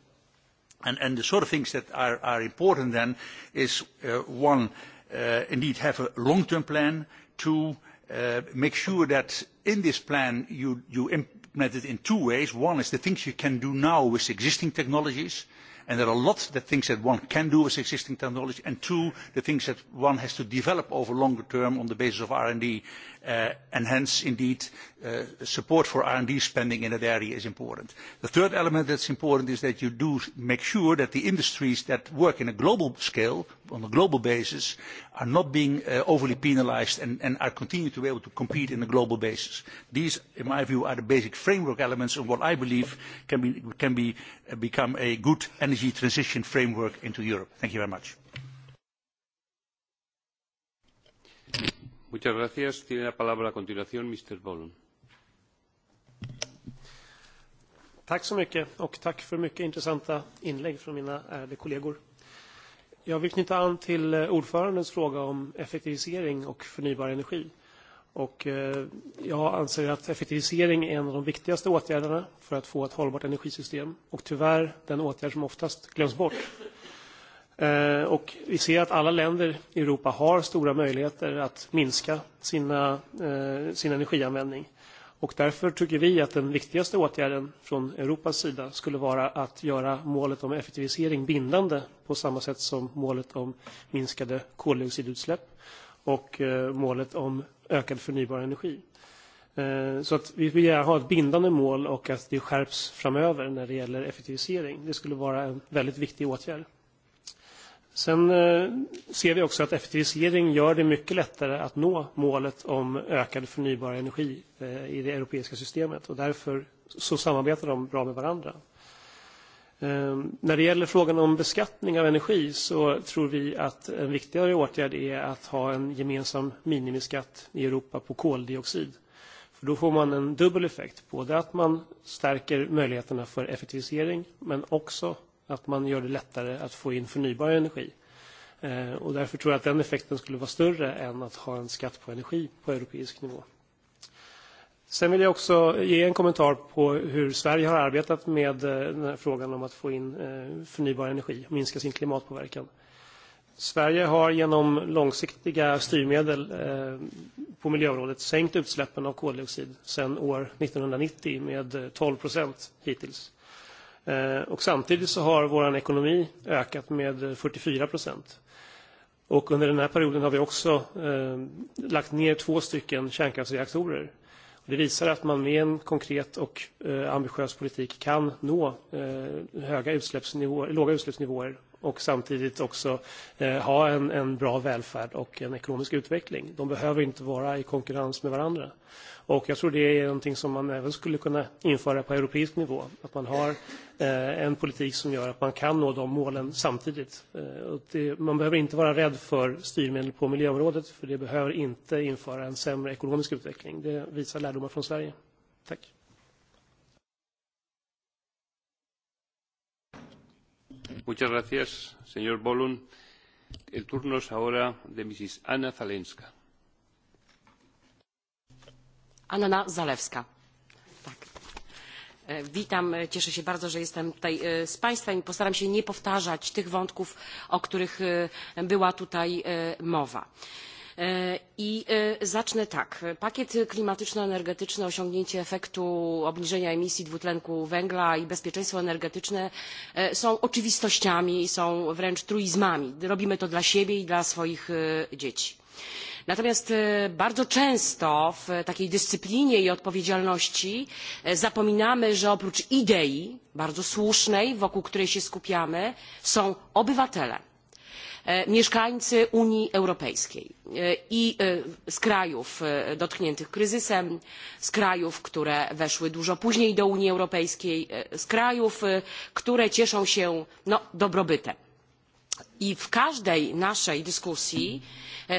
C: And, and the sort of things that are, are important then is, uh, one, uh, indeed have a long-term plan. Two, uh, make sure that in this plan you, you implement it in two ways. One is the things you can do now with existing technologies, and there are lots of things that one can do with existing technology, and two, the things that one has to develop over longer term on the basis of R&D Uh, and hence, indeed, uh, support for R&D spending in that area is important. The third element that's important is that you do make sure that the industries that work in a global scale, on a global basis, are not being uh, overly penalized and, and are continuing to be able to compete in a global basis. These, in my view, are the basic framework elements of what I believe can, be, can be, uh, become a good energy transition framework into Europe. Thank you very much.
W: Tack
J: tack för mycket intressanta inlägg från mina ärade kollegor. Jag vill knyta an till eh, ordförandens fråga om effektivisering och förnybar energi. Och eh, jag anser att effektivisering är en av de viktigaste åtgärderna för att få ett hållbart energisystem och tyvärr den åtgärd som oftast glöms bort. Eh, och vi ser att alla länder i Europa har stora möjligheter att minska sina, eh, sin energianvändning. Och därför tycker vi att den viktigaste åtgärden från Europas sida skulle vara att göra målet om effektivisering bindande på samma sätt som målet om minskade koldioxidutsläpp och eh, målet om ökad förnybar energi. Så att vi vill gärna ha ett bindande mål och att det skärps framöver när det gäller effektivisering. Det skulle vara en väldigt viktig åtgärd. Sen eh, ser vi också att effektivisering gör det mycket lättare att nå målet om ökad förnybar energi eh, i det europeiska systemet och därför så samarbetar de bra med varandra. Ehm, när det gäller frågan om beskattning av energi så tror vi att en viktigare åtgärd är att ha en gemensam minimiskatt i Europa på koldioxid. För då får man en dubbel effekt, både att man stärker möjligheterna för effektivisering men också att man gör det lättare att få in förnybar energi. Eh, och därför tror jag att den effekten skulle vara större än att ha en skatt på energi på europeisk nivå. Sen vill jag också ge en kommentar på hur Sverige har arbetat med eh, den här frågan om att få in eh, förnybar energi och minska sin klimatpåverkan. Sverige har genom långsiktiga styrmedel på miljöområdet sänkt utsläppen av koldioxid sedan år 1990 med 12 procent hittills. Eh, samtidigt så har vår ekonomi ökat med 44 under den här perioden har vi också eh, lagt ner två stycken kärnkraftsreaktorer. Det visar att man med en konkret och eh, ambitiös politik kan nå höga utsläppsnivåer, låga utsläppsnivåer och samtidigt också eh, ha en, en bra välfärd och en ekonomisk utveckling. De behöver inte vara i konkurrens med varandra. Och jag tror det är någonting som man även skulle kunna införa på europeisk nivå. Att man har eh, en politik som gör att man kan nå de målen samtidigt. Eh, det, man behöver inte vara rädd för styrmedel på miljöområdet för det behöver inte införa en sämre ekonomisk utveckling. Det visar lärdomar från Sverige. Tack.
W: Witam,
P: e, cieszę się bardzo, że jestem tutaj e, z Państwem i postaram się nie powtarzać tych wątków, o których e, była tutaj mowa E, I e, zacznę tak. Pakiet klimatyczno-energetyczny, osiągnięcie efektu obniżenia emisji dwutlenku węgla i bezpieczeństwo energetyczne e, są oczywistościami, są wręcz truizmami. Robimy to dla siebie i dla swoich dzieci. Natomiast bardzo często w takiej dyscyplinie i odpowiedzialności zapominamy, że oprócz idei, bardzo słusznej, wokół której się skupiamy, są obywatele E, mieszkańcy unii europejskiej e, i e, z krajów dotkniętych kryzysem z krajów które weszły dużo później do unii europejskiej z krajów które cieszą się no, dobrobytem i w każdej naszej dyskusji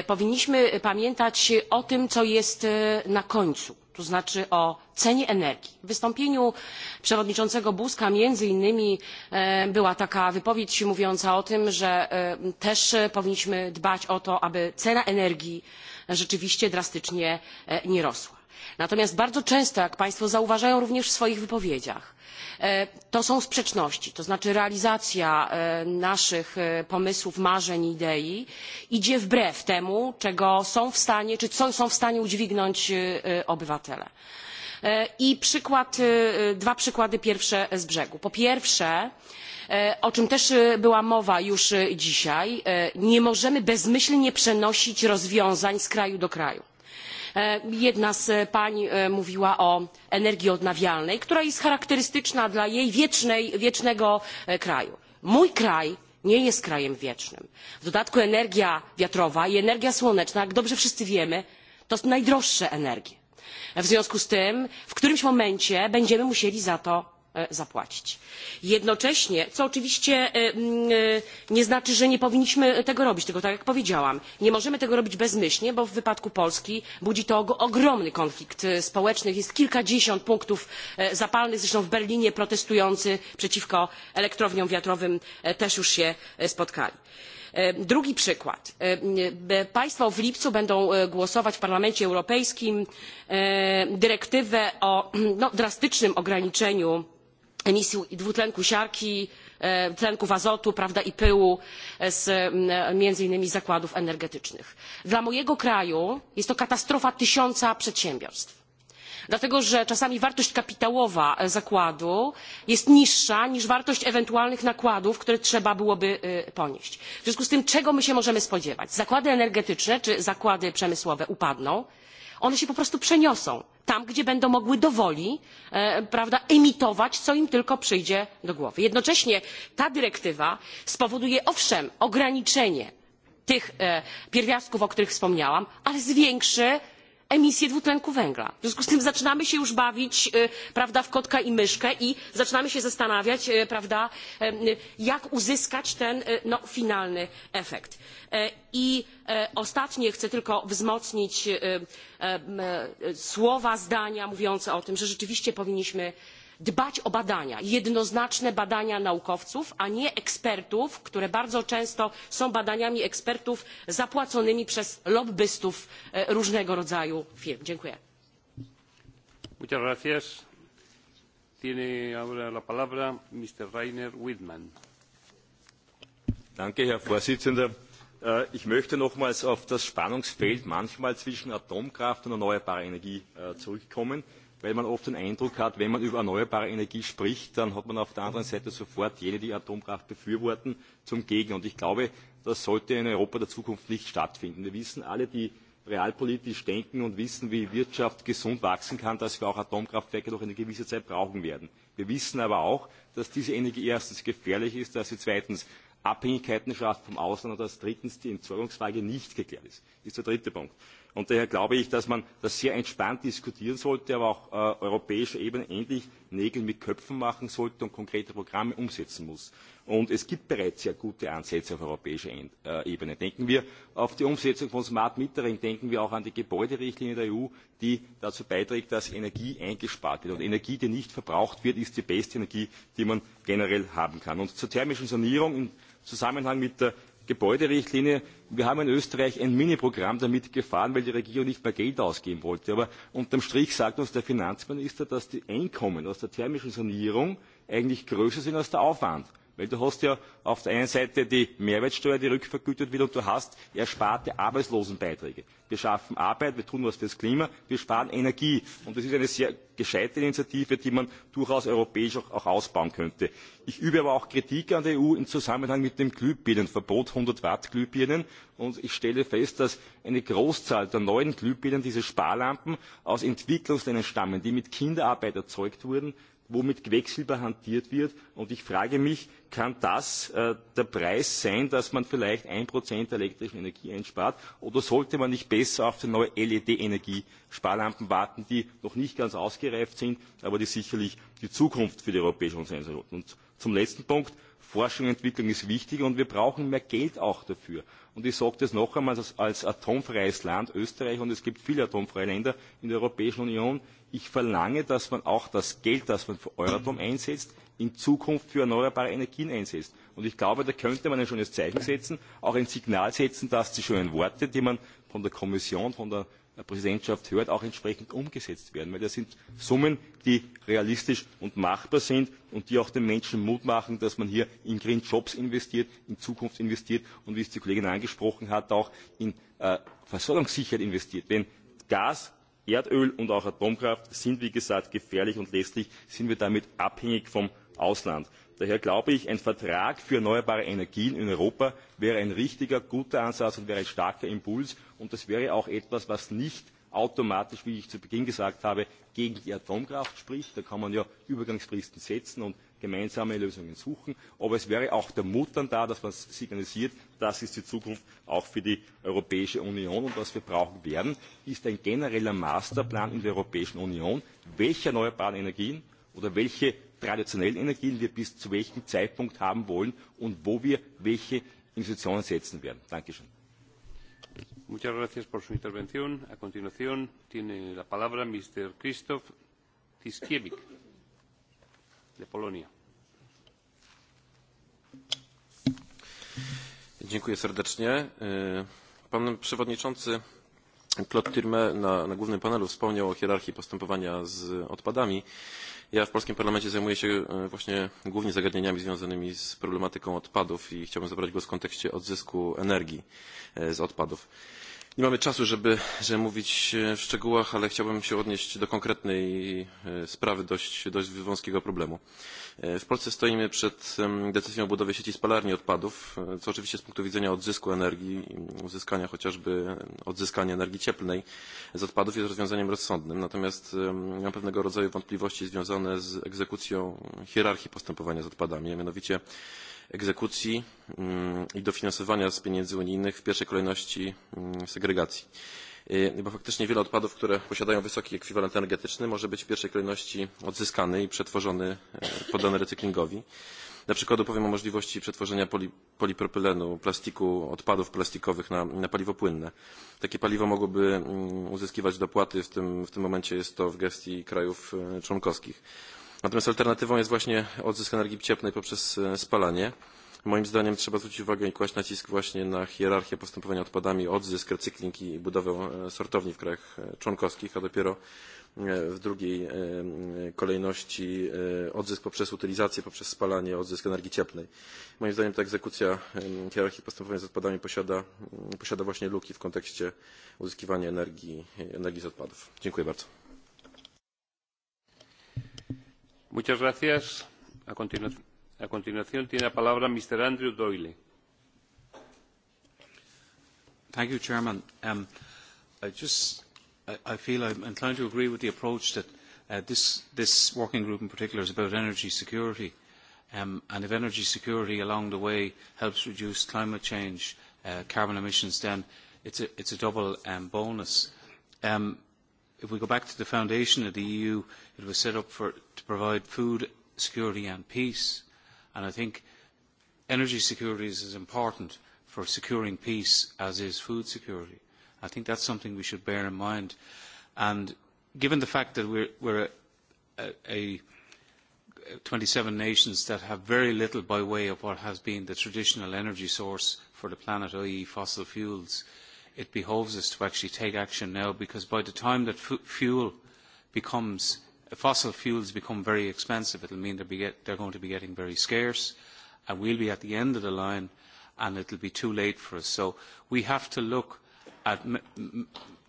P: powinniśmy pamiętać o tym co jest na końcu to znaczy o cenie energii. w wystąpieniu przewodniczącego buzka między innymi e, była taka wypowiedź mówiąca o tym że e, też powinniśmy dbać o to aby cena energii rzeczywiście drastycznie e, nie rosła. natomiast bardzo często jak państwo zauważają również w swoich wypowiedziach E, to są sprzeczności to znaczy realizacja e, naszych e, pomysłów marzeń i idei idzie wbrew temu czego są w stanie czy co są w stanie udźwignąć obywatele. i przykład, dwa przykłady pierwsze z brzegu. po pierwsze o czym też była mowa już dzisiaj nie możemy bezmyślnie przenosić rozwiązań z kraju do kraju E, jedna z pań e, mówiła o energii odnawialnej która jest charakterystyczna dla jej wiecznego e, kraju. mój kraj nie jest krajem wiecznym. w dodatku energia wiatrowa i energia słoneczna jak dobrze wszyscy wiemy to najdroższe energie. w związku z tym w którymś momencie będziemy musieli za to E, zapłacić. jednocześnie co oczywiście e, e, nie znaczy że nie powinniśmy tego robić tylko tak jak powiedziałam nie możemy tego robić bezmyślnie bo w wypadku polski budzi to ogromny konflikt społeczny jest kilkadziesiąt punktów zapalnych zresztą w berlinie protestujący przeciwko elektrowniom wiatrowym też już się spotkali drugi przykład państwo w lipcu będą głosować w parlamencie europejskim nad dyrektywą o no, drastycznym ograniczeniu emisji dwutlenku siarki e, tlenków azotu i pyłu e, z między innymi zakładów energetycznych. dla mojego kraju jest to katastrofa tysiąca przedsiębiorstw dlatego że czasami wartość kapitałowa zakładu jest niższa niż wartość ewentualnych nakładów które trzeba byłoby ponieść. w związku z tym czego my się możemy spodziewać? zakłady energetyczne czy zakłady przemysłowe upadną one się po prostu przeniosą tam gdzie będą mogły dowoli e, prawda, emitować co im tylko przyjdzie do głowy. jednocześnie ta dyrektywa spowoduje owszem ograniczenie tych e, pierwiastków o których wspomniałam ale zwiększy emisję dwutlenku węgla. W związku z tym zaczynamy się już bawić e, prawda, w kotka i myszkę i zaczynamy się zastanawiać, e, prawda, e, jak uzyskać ten no, finalny efekt. I ostatnie chcę tylko wzmocnić słowa, zdania mówiące o tym, że rzeczywiście powinniśmy dbać o badania jednoznaczne badania naukowców a nie ekspertów które bardzo często są badaniami ekspertów zapłaconymi przez lobbystów e, różnego rodzaju firm. dziękuję.
W: herr
V: präsident! Äh, ich möchte nochmals auf das spannungsfeld manchmal zwischen atomkraft und erneuerbarer energie äh, zurückkommen weil man oft den Eindruck hat, wenn man über erneuerbare Energie spricht, dann hat man auf der anderen Seite sofort jene, die Atomkraft befürworten, zum Gegner. Und ich glaube, das sollte in Europa der Zukunft nicht stattfinden. Wir wissen alle, die realpolitisch denken und wissen, wie Wirtschaft gesund wachsen kann, dass wir auch Atomkraftwerke noch eine gewisse Zeit brauchen werden. Wir wissen aber auch, dass diese Energie erstens gefährlich ist, dass sie zweitens Abhängigkeiten schafft vom Ausland und dass drittens die Entsorgungsfrage nicht geklärt ist. Das ist der dritte Punkt. Und daher glaube ich, dass man das sehr entspannt diskutieren sollte, aber auch auf äh, europäischer Ebene endlich Nägel mit Köpfen machen sollte und konkrete Programme umsetzen muss. Und es gibt bereits sehr gute Ansätze auf europäischer äh, Ebene. Denken wir auf die Umsetzung von Smart Metering, denken wir auch an die Gebäuderichtlinie der EU, die dazu beiträgt, dass Energie eingespart wird. Und Energie, die nicht verbraucht wird, ist die beste Energie, die man generell haben kann. Und zur thermischen Sanierung im Zusammenhang mit der Gebäuderichtlinie. Wir haben in Österreich ein Miniprogramm damit gefahren, weil die Regierung nicht mehr Geld ausgeben wollte. Aber unterm Strich sagt uns der Finanzminister, dass die Einkommen aus der thermischen Sanierung eigentlich größer sind als der Aufwand. Weil du hast ja auf der einen Seite die Mehrwertsteuer, die rückvergütet wird, und du hast ersparte Arbeitslosenbeiträge. Wir schaffen Arbeit, wir tun was fürs Klima, wir sparen Energie. Und das ist eine sehr gescheite Initiative, die man durchaus europäisch auch, auch ausbauen könnte. Ich übe aber auch Kritik an der EU im Zusammenhang mit dem Glühbirnenverbot 100 Watt Glühbirnen. Und ich stelle fest, dass eine Großzahl der neuen Glühbirnen, diese Sparlampen, aus Entwicklungsländern stammen, die mit Kinderarbeit erzeugt wurden womit quecksilber hantiert wird. Und ich frage mich, kann das äh, der Preis sein, dass man vielleicht ein Prozent der elektrischen Energie einspart? Oder sollte man nicht besser auf die neue LED-Energiesparlampen warten, die noch nicht ganz ausgereift sind, aber die sicherlich die Zukunft für die Europäische Union sein sollten? Und zum letzten Punkt Forschung und Entwicklung ist wichtig und wir brauchen mehr Geld auch dafür. Und ich sage das noch einmal als, als atomfreies Land Österreich und es gibt viele atomfreie Länder in der Europäischen Union. Ich verlange, dass man auch das Geld, das man für Euratom einsetzt, in Zukunft für erneuerbare Energien einsetzt. Und ich glaube, da könnte man ein schönes Zeichen setzen, auch ein Signal setzen, dass die schönen Worte, die man von der Kommission, von der Präsidentschaft hört, auch entsprechend umgesetzt werden. Weil das sind Summen, die realistisch und machbar sind und die auch den Menschen Mut machen, dass man hier in Green Jobs investiert, in Zukunft investiert und, wie es die Kollegin angesprochen hat, auch in äh, Versorgungssicherheit investiert. Denn Gas, Erdöl und auch Atomkraft sind, wie gesagt, gefährlich und letztlich sind wir damit abhängig vom Ausland daher glaube ich ein vertrag für erneuerbare energien in europa wäre ein richtiger guter ansatz und wäre ein starker impuls und das wäre auch etwas was nicht automatisch wie ich zu beginn gesagt habe gegen die atomkraft spricht da kann man ja übergangsfristen setzen und gemeinsame lösungen suchen aber es wäre auch der mut dann da dass man signalisiert das ist die zukunft auch für die europäische union und was wir brauchen werden ist ein genereller masterplan in der europäischen union welche erneuerbaren energien oder welche traditionellen Energien wir bis zu welchem Zeitpunkt haben wollen und wo wir welche Investitionen setzen werden. Dankeschön.
W: Muchas gracias por su intervención. A continuación tiene la palabra Mr. Krzysztof Tiskiewicz
Q: de Polonia. Dziękuję serdecznie. E, pan przewodniczący Claude Turme na, na głównym panelu wspomniał o hierarchii postępowania z odpadami ja w polskim parlamencie zajmuję się e, właśnie głównie zagadnieniami związanymi z problematyką odpadów i chciałbym zabrać głos w kontekście odzysku energii e, z odpadów. Nie mamy czasu, żeby, żeby mówić e, w szczegółach, ale chciałbym się odnieść do konkretnej e, sprawy dość, dość wąskiego problemu. E, w Polsce stoimy przed decyzją o budowie sieci spalarni odpadów, co oczywiście z punktu widzenia odzysku energii, uzyskania chociażby odzyskania energii cieplnej z odpadów jest rozwiązaniem rozsądnym. Natomiast mam pewnego rodzaju wątpliwości związane z egzekucją hierarchii postępowania z odpadami, a mianowicie egzekucji mm, i dofinansowania z pieniędzy unijnych w pierwszej kolejności mm, segregacji. Bo faktycznie wiele odpadów, które posiadają wysoki ekwiwalent energetyczny może być w pierwszej kolejności odzyskany i przetworzony, e, poddany recyklingowi. Dla przykładu powiem o możliwości przetworzenia poli, polipropylenu, plastiku, odpadów plastikowych na, na paliwo płynne. Takie paliwo mogłoby mm, uzyskiwać dopłaty, w tym, w tym momencie jest to w gestii krajów e, członkowskich. Natomiast alternatywą jest właśnie odzysk energii cieplnej poprzez e, spalanie. Moim zdaniem trzeba zwrócić uwagę i kłaść nacisk właśnie na hierarchię postępowania odpadami, odzysk, recykling i budowę e, sortowni w krajach e, członkowskich, a dopiero w drugiej kolejności odzysk poprzez utylizację, poprzez spalanie, odzysk energii cieplnej. Moim zdaniem ta egzekucja hierarchii postępowania z odpadami posiada, posiada właśnie luki w kontekście uzyskiwania energii, energii z odpadów. Dziękuję bardzo.
W: Mr. Andrew
R: um, I feel I, am inclined to agree with the approach that uh, this, working group in particular is about energy security. Um, and if energy security along the way helps reduce climate change, uh, carbon emissions, then it is a double um, bonus if we go back to the foundation of the EU, it was set up for, to provide food security and peace. And I think energy security is as important for securing peace as is food security. I think that's something we should bear in mind. And given the fact that we're, we're a, a, a 27 nations that have very little by way of what has been the traditional energy source for the planet, i.e. fossil fuels, uh, it behoves us to actually take action now because by the time that fuel becomes fossil fuels become very expensive it'll mean they'll be get, they're going to be getting very scarce and we'll be at the end of the line and it'll be too late for us so we have to look at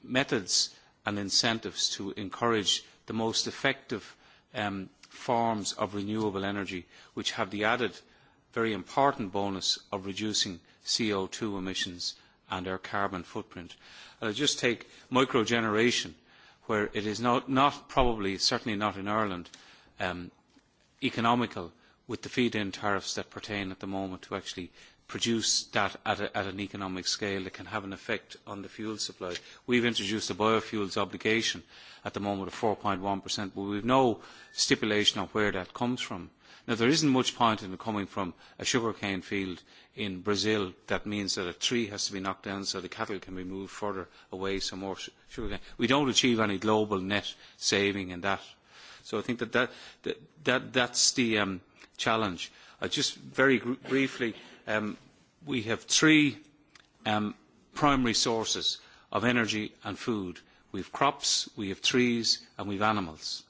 R: methods and incentives to encourage the most effective um, forms of renewable energy which have the added very important bonus of reducing CO2 emissions and our carbon footprint. I I'll just take microgeneration, where it is not, not probably, certainly not in Ireland, um, economical with the feed-in tariffs that pertain at the moment to actually produce that at, a, at an economic scale that can have an effect on the fuel supply. We've introduced a biofuels obligation at the moment of 4.1%, but we've no stipulation of where that comes from. Now, there not much point in coming from a sugar cane field in Brazil that means that a tree has to be knocked down so the cattle can be moved further away so more sugar cane. We do not achieve any global net saving in that. So I think that, that, that, that that's the um, challenge. Uh, just very briefly, um, we have three um, primary sources of energy and food. We have crops, we have trees, and we have animals.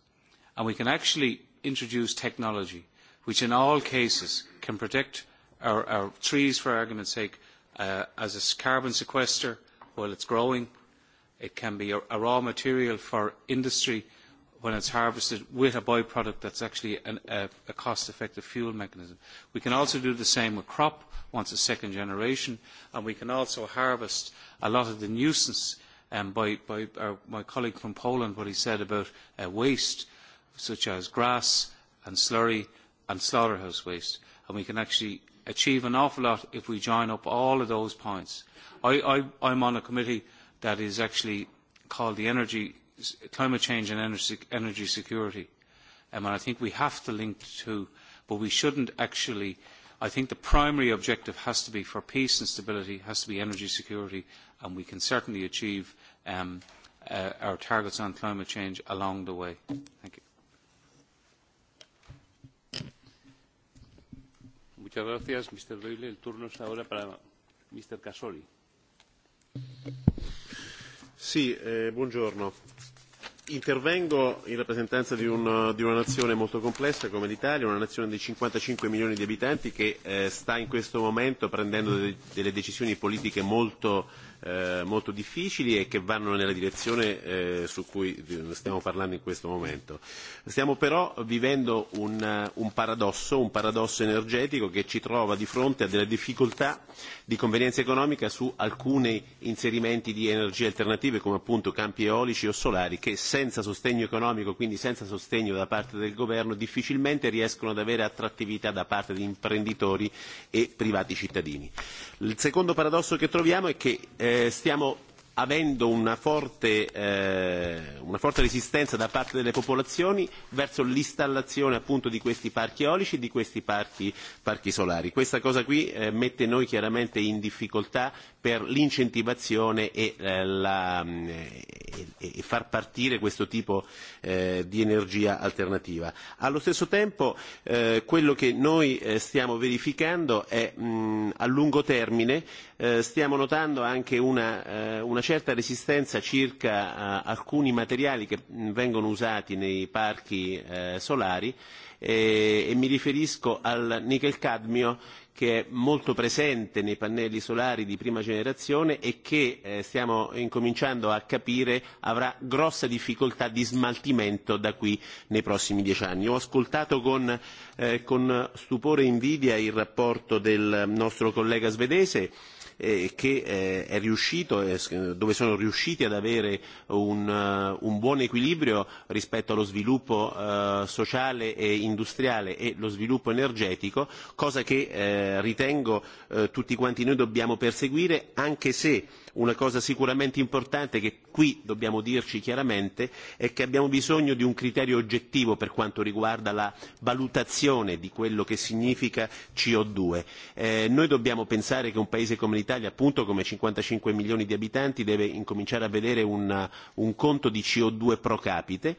R: And we can actually introduce technology which in all cases can protect our, our trees, for argument's sake, uh, as a carbon sequester while it's growing. It can be a, a raw material for industry when it's harvested with a byproduct that's actually an, a, a cost-effective fuel mechanism. We can also do the same with crop once it's second generation, and we can also harvest a lot of the nuisance um, by, by our, my colleague from Poland, what he said about uh, waste, such as grass and slurry, and slaughterhouse waste. And we can actually achieve an awful lot if we join up all of those points. I, I, I'm on a committee that is actually called the Energy, Climate Change and Energy, energy Security. Um, and I think we have to link the two, but we shouldn't actually, I think the primary objective has to be for peace and stability, has to be energy security, and we can certainly achieve um, uh, our targets on climate change along the way. Thank you.
W: Muchas gracias, Mr. Doyle. El turno es ahora para Mr. Casoli.
X: Sì, eh, buongiorno. Intervengo in rappresentanza di, un, di una nazione molto complessa come l'Italia, una nazione di 55 milioni di abitanti che eh, sta in questo momento prendendo de- delle decisioni politiche molto Eh, molto difficili e che vanno nella direzione eh, su cui stiamo parlando in questo momento. Stiamo però vivendo un, un paradosso, un paradosso energetico che ci trova di fronte a delle difficoltà di convenienza economica su alcuni inserimenti di energie alternative come appunto campi eolici o solari che senza sostegno economico, quindi senza sostegno da parte del governo, difficilmente riescono ad avere attrattività da parte di imprenditori e privati cittadini. Il secondo paradosso che troviamo è che eh, stiamo avendo eh, una forte, resistenza da parte delle popolazioni verso l'installazione appunto di questi parchi eolici e di questi parchi, solari. Questa cosa qui eh, mette noi chiaramente in difficoltà per l'incentivazione e, eh, la, eh, e, e far partire questo tipo eh, di energia alternativa. Allo stesso tempo eh, quello che noi eh, stiamo verificando è mh, mm, a lungo termine eh, stiamo notando anche una, eh, una certa resistenza circa eh, alcuni materiali che mh, mm, vengono usati nei parchi eh, solari eh, e mi riferisco al nickel cadmio che è molto presente nei pannelli solari di prima generazione e che eh, stiamo incominciando a capire avrà grossa difficoltà di smaltimento da qui nei prossimi dieci anni. Ho ascoltato con, eh, con stupore e invidia il rapporto del nostro collega svedese E che eh, è riuscito, eh, dove sono riusciti ad avere un, uh, un buon equilibrio rispetto allo sviluppo eh, sociale e industriale e lo sviluppo energetico, cosa che eh, ritengo eh, tutti quanti noi dobbiamo perseguire anche se una cosa sicuramente importante che qui dobbiamo dirci chiaramente è che abbiamo bisogno di un criterio oggettivo per quanto riguarda la valutazione di quello che significa CO2. Eh, noi dobbiamo pensare che un paese come l'Italia, appunto come 55 milioni di abitanti, deve incominciare a vedere un, un conto di CO2 pro capite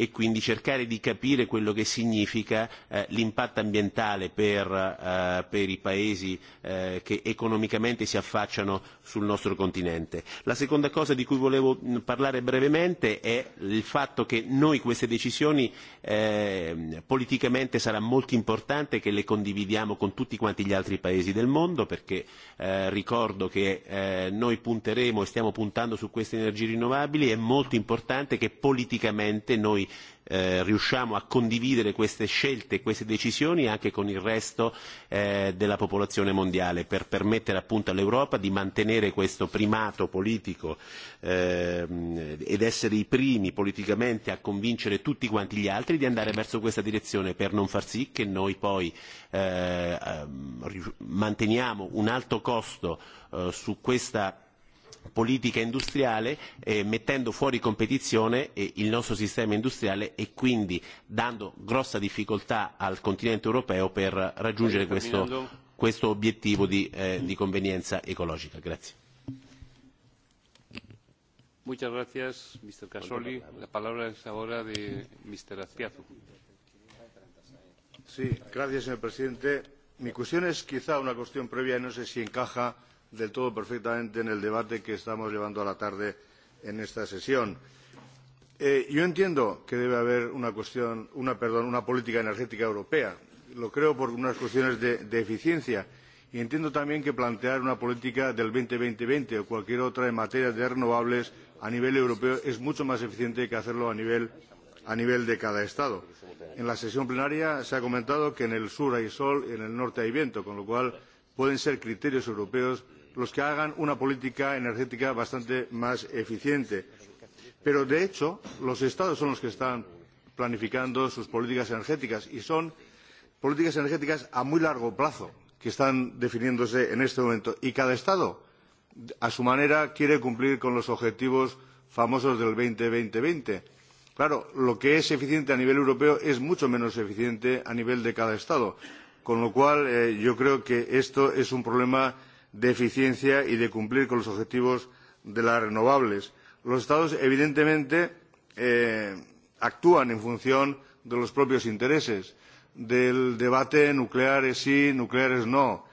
X: e quindi cercare di capire quello che significa eh, l'impatto ambientale per, eh, per i paesi eh, che economicamente si affacciano sul nostro continente. La seconda cosa di cui volevo mm, parlare brevemente è il fatto che noi queste decisioni eh, politicamente sarà molto importante che le condividiamo con tutti quanti gli altri paesi del mondo perché eh, ricordo che eh, noi punteremo e stiamo puntando su queste energie rinnovabili è molto importante che politicamente noi eh, riusciamo a condividere queste scelte, e queste decisioni anche con il resto eh, della popolazione mondiale per permettere appunto all'Europa di mantenere questo primato politico eh, ed essere i primi politicamente a convincere tutti quanti gli altri di andare verso questa direzione per non far sì che noi poi eh, ehm, manteniamo un alto costo eh, su questa politica industriale eh, mettendo fuori competizione eh, il nostro sistema industriale e quindi dando grossa difficoltà al continente europeo per raggiungere questo, questo obiettivo di, eh, di convenienza ecologica. Grazie.
W: Muchas gracias, Mr. Casoli. La palabra es ahora de Mr. Azpiazu.
S: Sí, gracias, señor presidente. Mi cuestión es quizá una cuestión previa, no sé si encaja del todo perfectamente en el debate que estamos llevando a la tarde en esta sesión. Eh, yo entiendo que debe haber una, cuestión, una, perdón, una política energética europea. Lo creo por unas cuestiones de, eficiencia. Y entiendo también que plantear una política del 2020-2020 o cualquier otra en materia de renovables a nivel europeo es mucho más eficiente que hacerlo a nivel, a nivel de cada Estado. En la sesión plenaria se ha comentado que en el sur hay sol y en el norte hay viento, con lo cual pueden ser criterios europeos los que hagan una política energética bastante más eficiente. Pero, de hecho, los Estados son los que están planificando sus políticas energéticas y son políticas energéticas a muy largo plazo que están definiéndose en este momento. Y cada Estado, a su manera, quiere cumplir con los objetivos famosos del 20-20-20. Claro, lo que es eficiente a nivel europeo es mucho menos eficiente a nivel de cada Estado. Con lo cual, eh, yo creo que esto es un problema de eficiencia y de cumplir con los objetivos de las renovables. Los Estados, evidentemente, eh, actúan en función de los propios intereses, del debate nucleares sí, nucleares no,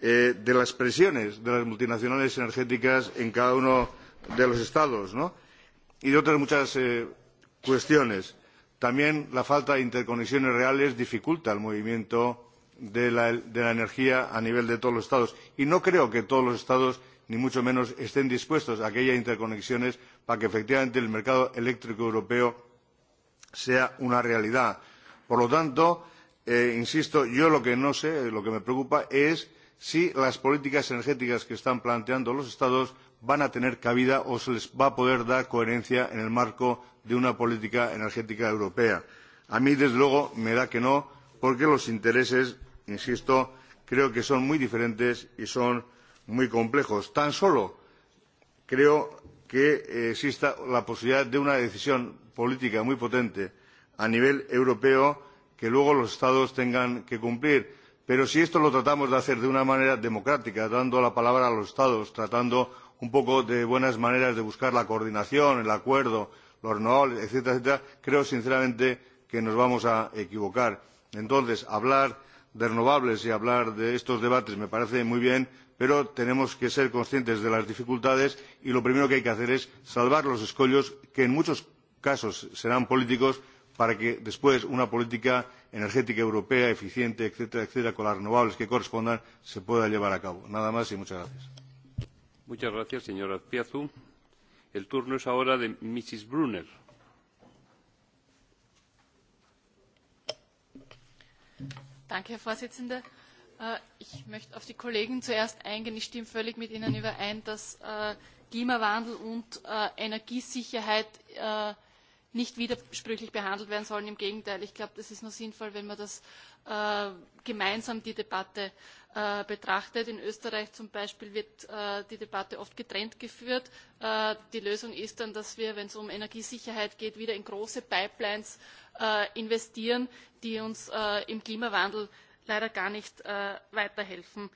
S: eh, de las presiones de las multinacionales energéticas en cada uno de los Estados ¿no? y de otras muchas eh, cuestiones. También la falta de interconexiones reales dificulta el movimiento de la, energía a nivel de todos los estados y no creo que todos los estados ni mucho menos estén dispuestos a que haya interconexiones para que efectivamente el mercado eléctrico europeo sea una realidad. por lo tanto eh, insisto yo lo que no sé lo que me preocupa es si las políticas energéticas que están planteando los estados van a tener cabida o se les va a poder dar coherencia en el marco de una política energética europea. a mí desde luego me da que no porque los intereses insisto creo que son muy diferentes y son muy complejos. tan solo creo que existe la posibilidad de una decisión política muy potente a nivel europeo que luego los estados tengan que cumplir pero si esto lo tratamos de hacer de una manera democrática dando la palabra a los estados tratando un poco de buenas maneras de buscar la coordinación el acuerdo los renovables etcétera etcétera creo sinceramente que nos vamos a equivocar. entonces hablar de renovables y hablar de estos debates me parece muy bien pero tenemos que ser conscientes de las dificultades y lo primero que hay que hacer es salvar los escollos que en muchos casos serán políticos para que después una política energética europea eficiente etcétera etcétera con las renovables que correspondan se pueda llevar a cabo. nada más y muchas gracias.
W: Muchas gracias, señor Azpiazu. El turno es ahora de Mrs. Brunner.
M: Danke, Herr Vorsitzender. Äh, ich möchte auf die Kollegen zuerst eingehen. Ich stimme völlig mit Ihnen überein, dass äh, Klimawandel und äh, Energiesicherheit nicht widersprüchlich behandelt werden sollen. Im Gegenteil, ich glaube, das ist nur sinnvoll, wenn man das äh, gemeinsam die Debatte äh, betrachtet. In Österreich zum Beispiel wird äh, die Debatte oft getrennt geführt. Äh, die Lösung ist dann, dass wir, wenn es um Energiesicherheit geht, wieder in große Pipelines äh, investieren, die uns äh, im Klimawandel leider gar nicht äh, weiterhelfen.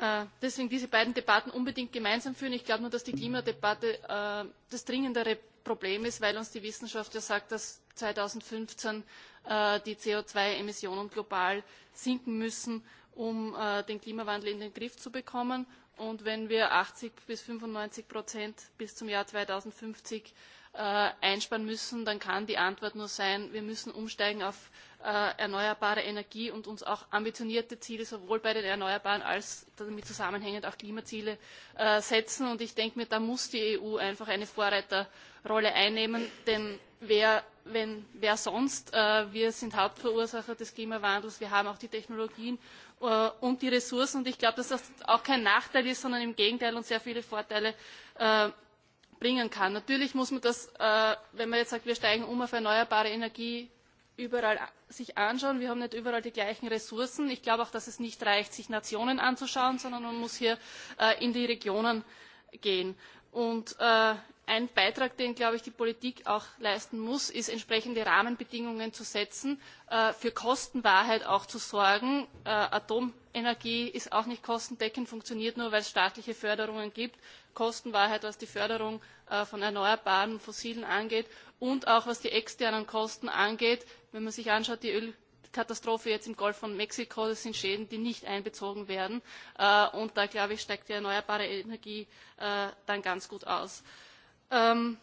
M: Äh, deswegen diese beiden Debatten unbedingt gemeinsam führen. Ich glaube nur, dass die Klimadebatte äh, das dringendere Problem ist, weil uns die Wissenschaft ja sagt, dass 2015 äh, die CO2-Emissionen global sinken müssen, um äh, den Klimawandel in den Griff zu bekommen. Und wenn wir 80 bis 95 Prozent bis zum Jahr 2050 Äh, einsparen müssen, dann kann die Antwort nur sein, wir müssen umsteigen auf äh, erneuerbare Energie und uns auch ambitionierte Ziele sowohl bei den Erneuerbaren als damit zusammenhängend auch Klimaziele äh, setzen. Und ich denke mir, da muss die EU einfach eine Vorreiterrolle einnehmen, denn wer, wenn, wer sonst? Wir sind Hauptverursacher des Klimawandels, wir haben auch die Technologien und die Ressourcen. Und ich glaube, dass das auch kein Nachteil ist, sondern im Gegenteil und sehr viele Vorteile bringen kann. Natürlich muss man das, äh, wenn man jetzt sagt, wir steigen um auf erneuerbare Energie, überall sich anschauen. Wir haben nicht überall die gleichen Ressourcen. Ich glaube auch, dass es nicht reicht, sich Nationen anzuschauen, sondern man muss hier äh, in die Regionen gehen. Und äh, ein Beitrag, den, glaube ich, die Politik auch leisten muss, ist, entsprechende Rahmenbedingungen zu setzen, äh, für Kostenwahrheit auch zu sorgen. Äh, Atomenergie ist auch nicht kostendeckend, funktioniert nur, weil es staatliche Förderungen gibt. Kostenwahrheit, was die Förderung äh, von erneuerbaren Fossilen angeht und auch was die externen Kosten angeht. Wenn man sich anschaut, die Ölkatastrophe jetzt im Golf von Mexiko, das sind Schäden, die nicht einbezogen werden. Äh, und da, glaube ich, steigt die erneuerbare Energie äh, dann ganz gut aus. Ähm,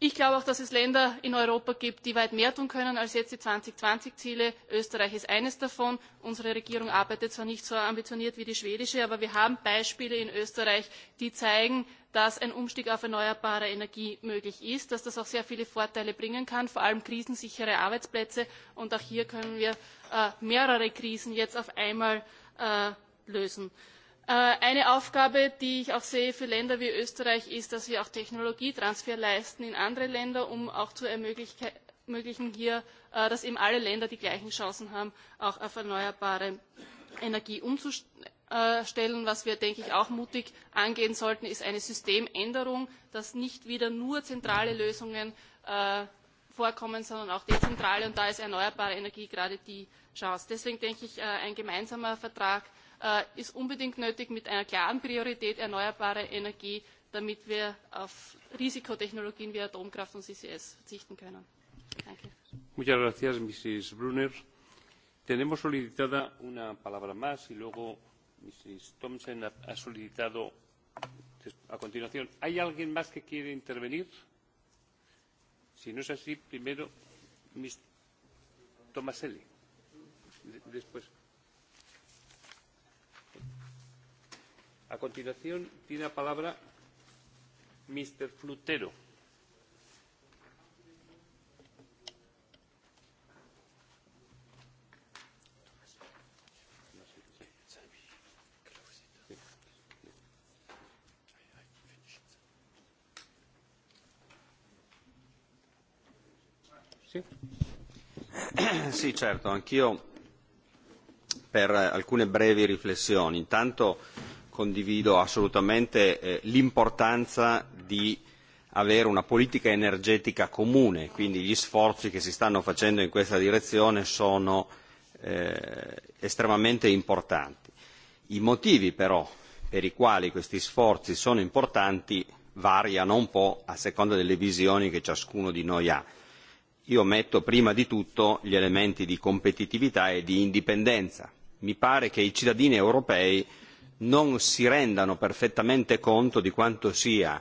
M: Ich glaube auch, dass es Länder in Europa gibt, die weit mehr tun können als jetzt die 2020-Ziele. Österreich ist eines davon. Unsere Regierung arbeitet zwar nicht so ambitioniert wie die schwedische, aber wir haben Beispiele in Österreich, die zeigen, dass ein Umstieg auf erneuerbare Energie möglich ist, dass das auch sehr viele Vorteile bringen kann, vor allem krisensichere Arbeitsplätze. Und auch hier können wir äh, mehrere Krisen jetzt auf einmal äh, lösen. Äh, eine Aufgabe, die ich auch sehe für Länder wie Österreich, ist, dass wir auch Technologietransfer leisten in andere Länder, um auch zu ermöglichen, hier, äh, dass eben alle Länder die gleichen Chancen haben, auch auf erneuerbare Energie umzustellen. Was wir, denke ich, auch mutig angehen sollten, ist eine Systemänderung, dass nicht wieder nur zentrale Lösungen äh, vorkommen, sondern auch dezentrale. Und da ist erneuerbare Energie gerade die Chance. Deswegen denke ich, ein gemeinsamer Vertrag Eh, ist unbedingt nötig mit einer klaren Priorität erneuerbare Energie, damit wir auf eh, Risikotechnologien wie Atomkraft und CCS verzichten können. Danke.
W: Mrs. Thompson ha, ha solicitado a continuación. ¿Hay alguien más que quiere intervenir? Si no es así, primero Tomaselli. De, después. A continuación, tiene la palabra Mr. Flutero.
L: Sì,
F: sì certo, anch'io per alcune brevi riflessioni. Intanto condivido assolutamente eh, l'importanza di avere una politica energetica comune, quindi gli sforzi che si stanno facendo in questa direzione sono eh, estremamente importanti. I motivi però per i quali questi sforzi sono importanti variano un po' a seconda delle visioni che ciascuno di noi ha. Io metto prima di tutto gli elementi di competitività e di indipendenza. Mi pare che i cittadini europei non si rendano perfettamente conto di quanto sia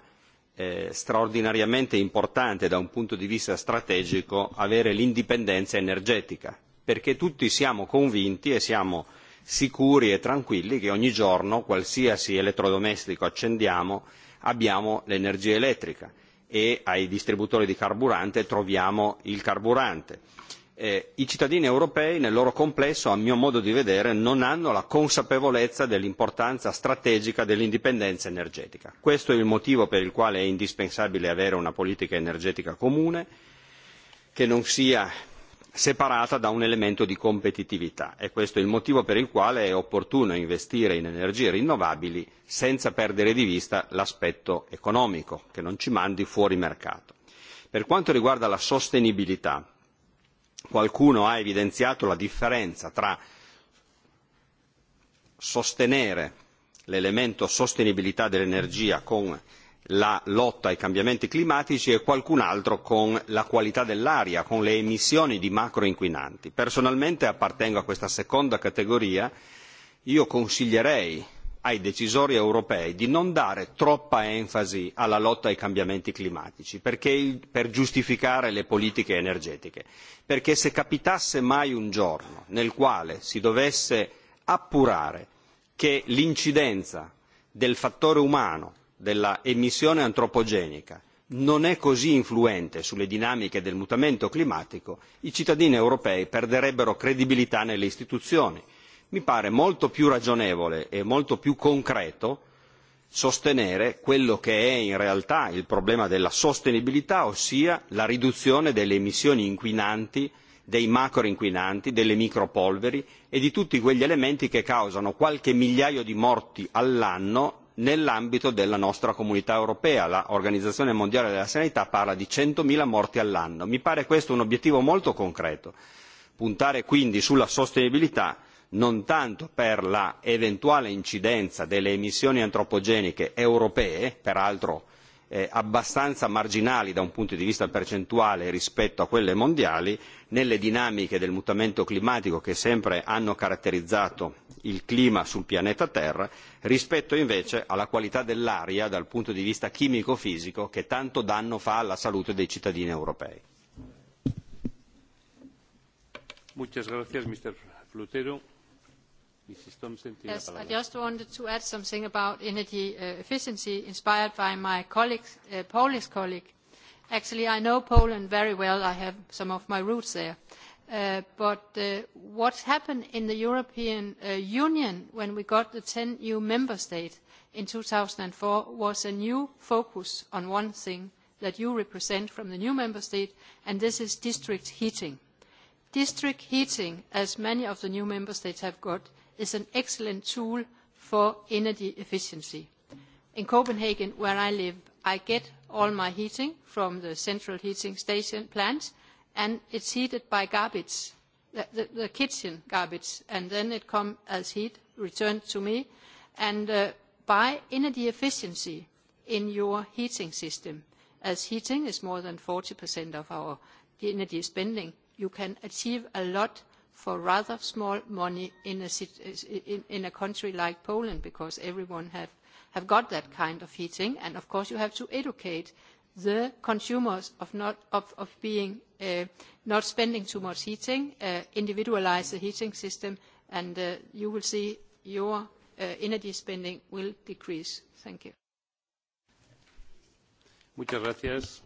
F: eh, straordinariamente importante da un punto di vista strategico avere l'indipendenza energetica, perché tutti siamo convinti e siamo sicuri e tranquilli che ogni giorno qualsiasi elettrodomestico accendiamo abbiamo l'energia elettrica e ai distributori di carburante troviamo il carburante Eh, i cittadini europei nel loro complesso a mio modo di vedere non hanno la consapevolezza dell'importanza strategica dell'indipendenza energetica. questo è il motivo per il quale è indispensabile avere una politica energetica comune che non sia separata da un elemento di competitività e questo è il motivo per il quale è opportuno investire in energie rinnovabili senza perdere di vista l'aspetto economico che non ci mandi fuori mercato. per quanto riguarda la sostenibilità qualcuno ha evidenziato la differenza tra sostenere l'elemento sostenibilità dell'energia con la lotta ai cambiamenti climatici e qualcun altro con la qualità dell'aria, con le emissioni di macroinquinanti. Personalmente appartengo a questa seconda categoria. Io consiglierei ai decisori europei di non dare troppa enfasi alla lotta ai cambiamenti climatici per giustificare le politiche energetiche perché se capitasse mai un giorno nel quale si dovesse appurare che l'incidenza del fattore umano dell'emissione antropogenica non è così influente sulle dinamiche del mutamento climatico i cittadini europei perderebbero credibilità nelle istituzioni mi pare molto più ragionevole e molto più concreto sostenere quello che è in realtà il problema della sostenibilità ossia la riduzione delle emissioni inquinanti dei macroinquinanti delle micropolveri e di tutti quegli elementi che causano qualche migliaio di morti all'anno nell'ambito della nostra comunità europea l'organizzazione mondiale della sanità parla di centomila morti all'anno mi pare questo un obiettivo molto concreto puntare quindi sulla sostenibilità non tanto per l'eventuale incidenza delle emissioni antropogeniche europee peraltro eh, abbastanza marginali da un punto di vista percentuale rispetto a quelle mondiali nelle dinamiche del mutamento climatico che sempre hanno caratterizzato il clima sul pianeta Terra rispetto invece alla qualità dell'aria dal punto di vista chimico fisico che tanto danno fa alla salute dei cittadini europei.
W: Er yes, I just
H: wanted to add something about energy uh, efficiency inspired by my colleagues, uh, Polish colleague. Actually, I know Poland very well. I have some of my roots there. Uh, but what happened in the European Union when we got the 10 new member states in 2004 was a new focus on one thing that you represent from the new member state, and this is district heating. District heating, as many of the new member states have got, is an excellent tool for energy efficiency. In Copenhagen, where I live, I get all my heating from the central heating station plant, and it's heated by garbage, the, the, the kitchen garbage, and then it comes as heat returned to me. And uh, by energy efficiency in your heating system, as heating is more than 40% of our energy spending, you can achieve a lot for rather small money in a, country like Poland because everyone have, have got that kind of heating. And of course you have to educate the consumers of not of, of being uh, not spending too much heating, uh, individualize the heating system, and uh, you will see your uh, energy spending will decrease. Thank you.
W: Muchas gracias.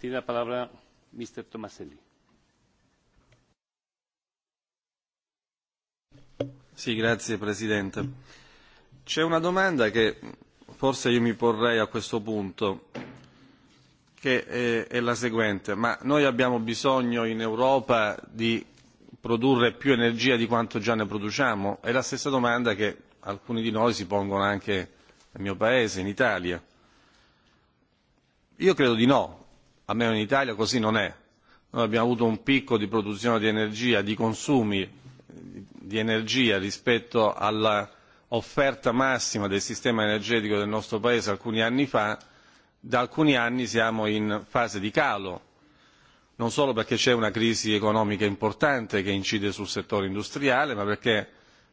W: Tiene la palabra Mr. Tomaselli.
G: Sì, grazie Presidente. C'è una domanda che forse io mi porrei a questo punto, che è, è la seguente. Ma noi abbiamo bisogno in Europa di produrre più energia di quanto già ne produciamo? È la stessa domanda che alcuni di noi si pongono anche nel mio paese, in Italia. Io credo di no, almeno in Italia così non è. Noi abbiamo avuto un picco di produzione di energia, di consumi di energia rispetto all'offerta massima del sistema energetico del nostro paese alcuni anni fa da alcuni anni siamo in fase di calo non solo perché c'è una crisi economica importante che incide sul settore industriale ma perché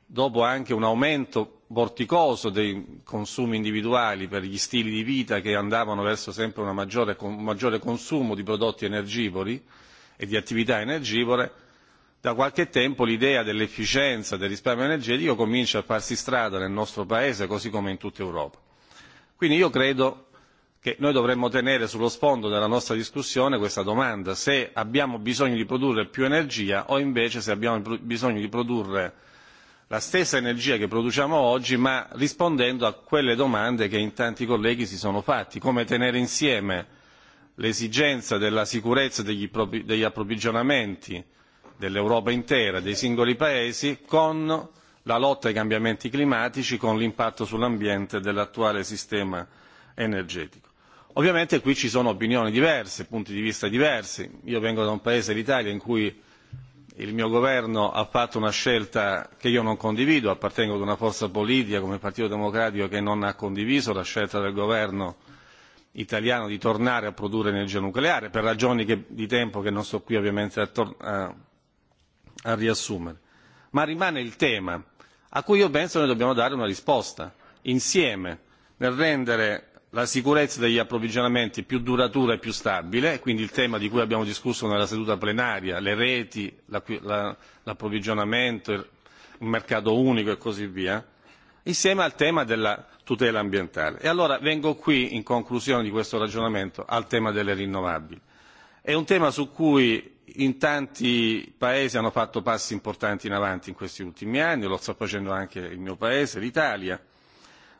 G: dopo anche un aumento vorticoso dei consumi individuali per gli stili di vita che andavano verso sempre una maggiore, un maggiore consumo di prodotti energivori e di attività energivore da qualche tempo l'idea dell'efficienza del risparmio energetico comincia a farsi strada nel nostro paese così come in tutta europa. quindi io credo che noi dovremmo tenere sullo sfondo della nostra discussione questa domanda se abbiamo bisogno di produrre più energia o invece se abbiamo bisogno di produrre la stessa energia che produciamo oggi ma rispondendo a quelle domande che in tanti colleghi si sono fatti come tenere insieme l'esigenza della sicurezza degli approvvigionamenti dell'Europa intera, dei singoli paesi, con la lotta ai cambiamenti climatici, con l'impatto sull'ambiente dell'attuale sistema energetico. Ovviamente qui ci sono opinioni diverse, punti di vista diversi. Io vengo da un paese, l'Italia, in cui il mio governo ha fatto una scelta che io non condivido, appartengo ad una forza politica come il Partito Democratico che non ha condiviso la scelta del governo italiano di tornare a produrre energia nucleare per ragioni che, di tempo che non sto qui ovviamente a, a a riassumere ma rimane il tema a cui io penso noi dobbiamo dare una risposta insieme nel rendere la sicurezza degli approvvigionamenti più duratura e più stabile quindi il tema di cui abbiamo discusso nella seduta plenaria le reti l'approvvigionamento il mercato unico e così via insieme al tema della tutela ambientale. e allora vengo qui in conclusione di questo ragionamento al tema delle rinnovabili. è un tema su cui in tanti paesi hanno fatto passi importanti in avanti in questi ultimi anni, lo sta facendo anche il mio paese, l'Italia.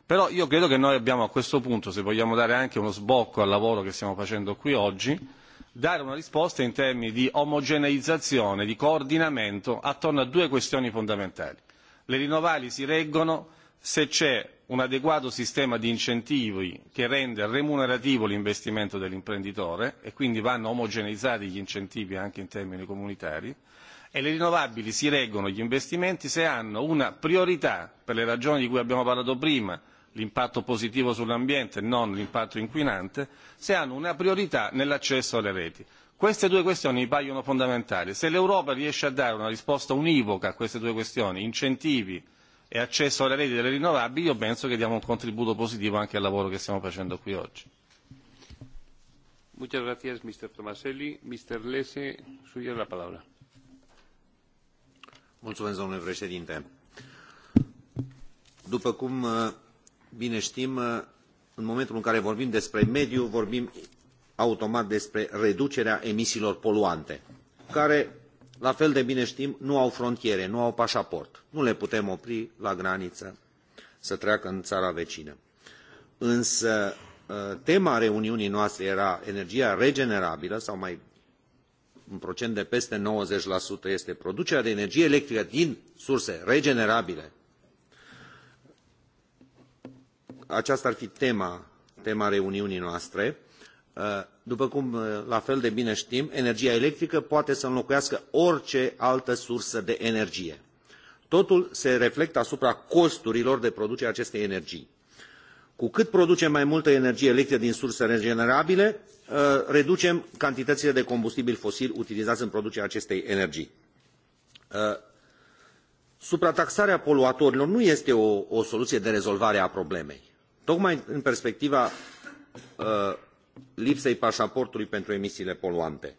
G: Però io credo che noi abbiamo a questo punto, se vogliamo dare anche uno sbocco al lavoro che stiamo facendo qui oggi, dare una risposta in termini di omogeneizzazione, di coordinamento attorno a due questioni fondamentali. Le rinnovabili si reggono se c'è un adeguato sistema di incentivi che renda remunerativo l'investimento dell'imprenditore e quindi vanno omogeneizzati gli incentivi anche in termini comunitari e le rinnovabili si reggono gli investimenti se hanno una priorità per le ragioni di cui abbiamo parlato prima l'impatto positivo sull'ambiente non l'impatto inquinante se hanno una priorità nell'accesso alle reti. Queste due questioni mi paiono fondamentali. Se l'Europa riesce a dare una risposta univoca a queste due questioni, incentivi e accesso alle reti delle rinnovabili, io penso che diamo un contributo positivo anche al lavoro che stiamo facendo qui oggi.
R: Muchas
W: gracias, Mr. Tomaselli. Mr. Lese, suya la palabra.
N: Mulțumesc, domnule președinte. După cum uh, bine știm, uh, în momentul în care vorbim despre mediu, vorbim automat despre reducerea emisiilor poluante, care la fel de bine știm, nu au frontiere, nu au pașaport. Nu le putem opri la graniță să treacă în țara vecină. Însă tema reuniunii noastre era energia regenerabilă, sau mai un procent de peste 90% este producerea de energie electrică din surse regenerabile. Aceasta ar fi tema, tema reuniunii noastre după cum uh, la fel de bine tim energia electrică poate să înlocuiască orice altă sursă de energie. Totul se reflectă asupra costurilor de producere acestei energii. Cu cât producem mai multă energie electrică din surse regenerabile, uh, reducem cantitățile de combustibil fosil utilizați în producerea acestei energii. Uh, suprataxarea poluatorilor nu este o, o soluție de rezolvare a problemei. Tocmai în perspectiva lipsei pașaportului pentru emisiile poluante.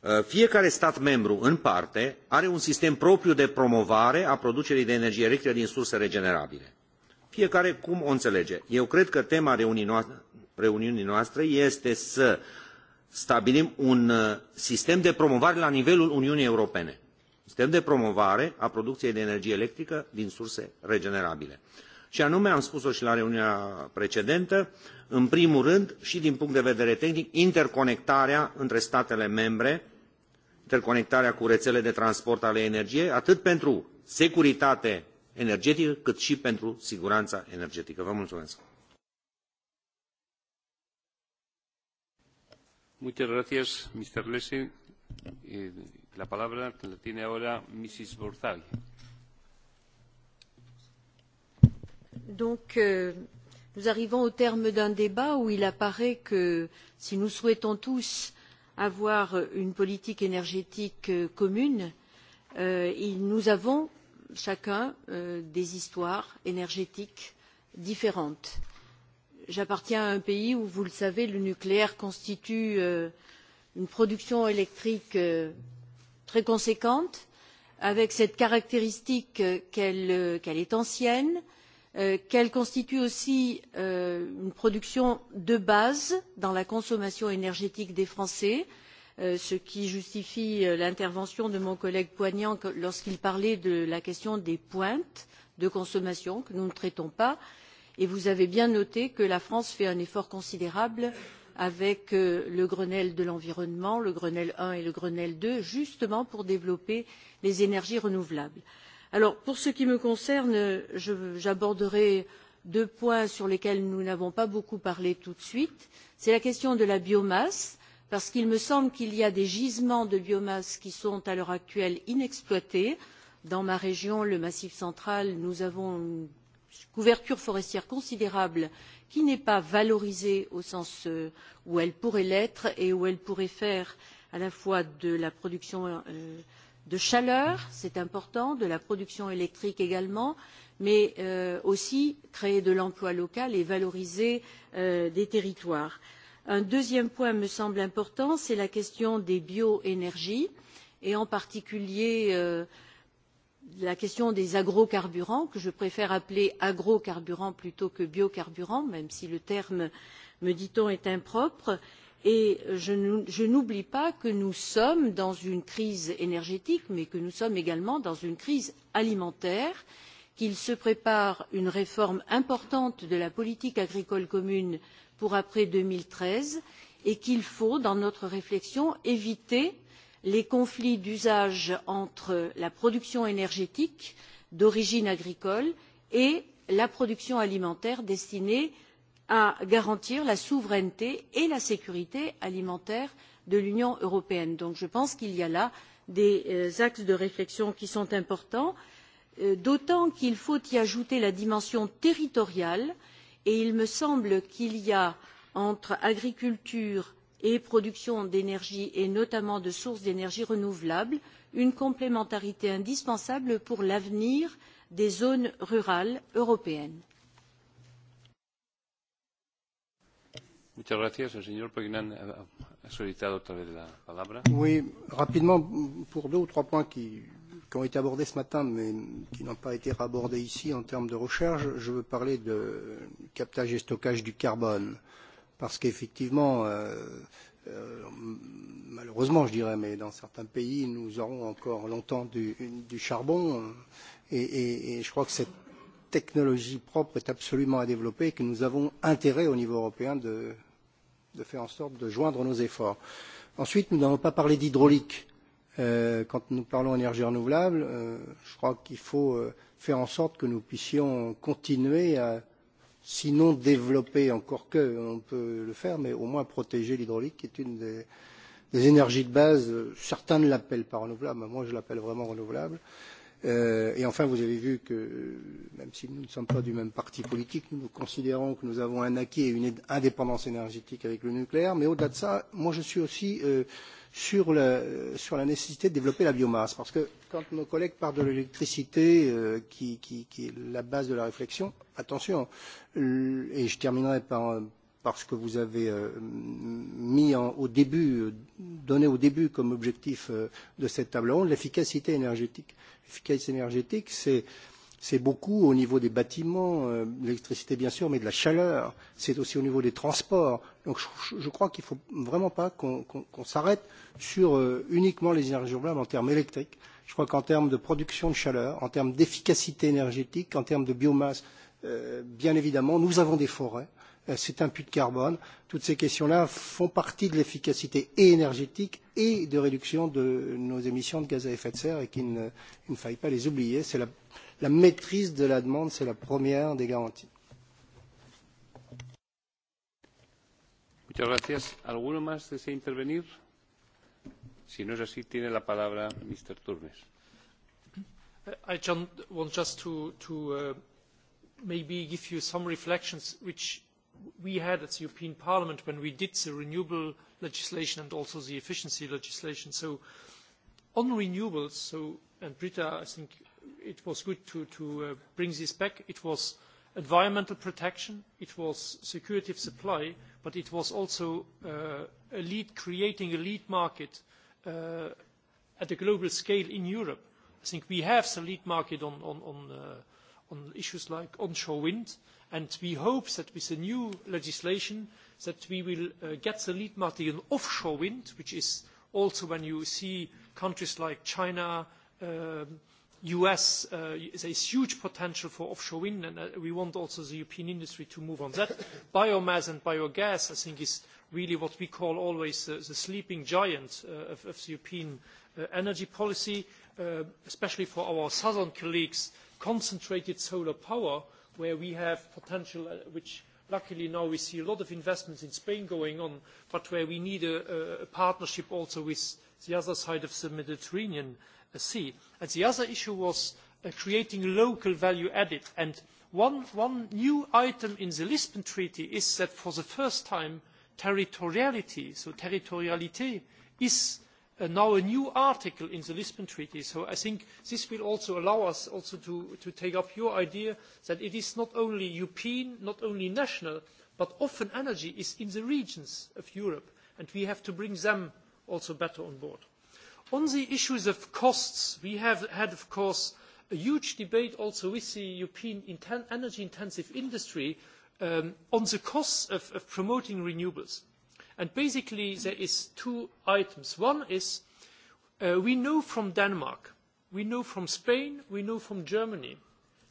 N: Uh, fiecare stat membru, în parte, are un sistem propriu de promovare a producerii de energie electrică din surse regenerabile. Fiecare cum o înțelege. Eu cred că tema reuniunii noastre este să stabilim un uh, sistem de promovare la nivelul Uniunii Europene. Sistem de promovare a producției de energie electrică din surse regenerabile. Și anume, am spus-o și la reuniunea precedentă, în primul rând și din punct de vedere tehnic, interconectarea între statele membre, interconectarea cu rețele de transport ale energiei, atât pentru securitate energetică, cât și pentru siguranța energetică. Vă mulțumesc!
W: Muchas gracias, Mr. Lessing. Eh, la palabra la tiene ahora Mrs. Borzai.
L: donc euh, nous arrivons au terme d'un débat où il apparaît que si nous souhaitons tous avoir une politique énergétique euh, commune euh, nous avons chacun euh, des histoires énergétiques différentes. j'appartiens à un pays où vous le savez le nucléaire constitue euh, une production électrique euh, très conséquente avec cette caractéristique euh, qu'elle qu est ancienne qu'elle Euh, qu'elle constitue aussi euh, une production de base dans la consommation énergétique des français euh, ce qui justifie l'intervention de mon collègue poignant lorsqu'il parlait de la question des pointes de consommation que nous ne traitons pas et vous avez bien noté que la france fait un effort considérable avec le grenelle de l'environnement le grenelle i et le grenelle ii justement pour développer les énergies renouvelables. Alors, pour ce qui me concerne, j'aborderai deux points sur lesquels nous n'avons pas beaucoup parlé tout de suite. C'est la question de la biomasse, parce qu'il me semble qu'il y a des gisements de biomasse qui sont à l'heure actuelle inexploités. Dans ma région, le Massif central, nous avons une couverture forestière considérable qui n'est pas valorisée au sens euh, où elle pourrait l'être et où elle pourrait faire à la fois de la production euh, de chaleur, c'est important, de la production électrique également, mais euh, aussi créer de l'emploi local et valoriser euh, des territoires. Un deuxième point me semble important, c'est la question des bioénergies et en particulier euh, la question des agrocarburants, que je préfère appeler agrocarburants plutôt que biocarburants, même si le terme, me dit-on, est impropre. Euh, et je n'oublie pas que nous sommes dans une crise énergétique mais que nous sommes également dans une crise alimentaire qu'il se prépare une réforme importante de la politique agricole commune pour après deux mille treize et qu'il faut dans notre réflexion éviter les conflits d'usage entre la production énergétique d'origine agricole et la production alimentaire destinée à garantir la souveraineté et la sécurité alimentaire de l'union européenne. donc je pense qu'il y a là des euh, axes de réflexion qui sont importants euh, d'autant qu'il faut y ajouter la dimension territoriale et il me semble qu'il y a entre agriculture et production d'énergie et notamment de sources d'énergie renouvelables une complémentarité indispensable pour l'avenir des zones rurales européennes.
W: Muchas gracias. El señor Poignan ha solicitado otra vez la palabra. Oui,
K: rapidement, pour deux ou trois points qui, qui ont été abordés ce matin, mais qui n'ont pas été abordés ici en termes de recherche, je veux parler de captage et stockage du carbone. Parce qu'effectivement, euh, euh, malheureusement, je dirais, mais dans certains pays, nous aurons encore longtemps du, du charbon. Et, et, et je crois que cette technologie propre est absolument à développer et que nous avons intérêt au niveau européen de, de faire en sorte de joindre nos efforts. Ensuite, nous n'avons pas parlé d'hydraulique. Euh, quand nous parlons d'énergie renouvelable, euh, je crois qu'il faut euh, faire en sorte que nous puissions continuer à, sinon développer, encore que on peut le faire, mais au moins protéger l'hydraulique, qui est une des, des énergies de base. Certains ne l'appellent pas renouvelable, mais moi je l'appelle vraiment renouvelable. Euh, Euh, et enfin, vous avez vu que, euh, même si nous ne sommes pas du même parti politique, nous considérons que nous avons un acquis et une indépendance énergétique avec le nucléaire. Mais au-delà de ça, moi je suis aussi euh, sur, la, euh, sur la nécessité de développer la biomasse. Parce que quand nos collègues parlent de l'électricité, euh, qui, qui, qui est la base de la réflexion, attention, et je terminerai par, parce que vous avez euh, mis en, au début, euh, donné au début comme objectif euh, de cette table ronde, l'efficacité énergétique. L'efficacité énergétique, c'est c'est beaucoup au niveau des bâtiments, euh, l'électricité bien sûr, mais de la chaleur, c'est aussi au niveau des transports. Donc je, je crois qu'il ne faut vraiment pas qu'on qu qu s'arrête sur uniquement les énergies renouvelables en termes électriques. Je crois qu'en termes de production de chaleur, en termes d'efficacité énergétique, en termes de biomasse, euh, bien évidemment, nous avons des forêts. Euh, puits de carbone. Toutes ces questions-là font partie de l'efficacité énergétique et de réduction de nos émissions de gaz à effet de serre et qu'il ne, il ne faille pas les oublier. C'est la, la maîtrise de la demande, c'est la première des garanties.
W: Muchas gracias. ¿Alguno más desea intervenir? Si no es así, tiene la palabra Mr. Turmes.
A: Uh, I John, want just to, to uh, maybe give you some reflections which we had at the European Parliament when we did the renewable legislation and also the efficiency legislation. So on renewables, so, and Britta, I think it was good to, to uh, bring this back. It was environmental protection, it was security of supply, but it was also uh, a lead, creating a lead market uh, at a global scale in Europe. I think we have the lead market on, on, on, uh, on issues like onshore wind, and we hope that with the new legislation that we will uh, get the lead market in offshore wind, which is also when you see countries like China, um, uh, US, uh, there is huge potential for offshore wind, and uh, we want also the European industry to move on that. Biomass and biogas, I think, is really what we call always uh, the sleeping giant uh, of, of the European uh, energy policy, uh, especially for our southern colleagues, concentrated solar power where we have potential, uh, which luckily now we see a lot of investments in Spain going on, but where we need a, partnership also with the other side of the Mediterranean uh, Sea. And the other issue was uh, creating local value added. And one new item in the Lisbon Treaty is that for the first time, territoriality, so territoriality, is uh, now a new article in the Lisbon Treaty. So I think this will also allow us also to, to take up your idea that it is not only European, not only national, but often energy is in the regions of Europe, and we have to bring them also better on board. On the issues of costs, we have had, of course, a huge debate also with the European inten energy-intensive industry um, on the costs of, of promoting renewables. And basically, there is two items. One is uh, we know from Denmark, we know from Spain, we know from Germany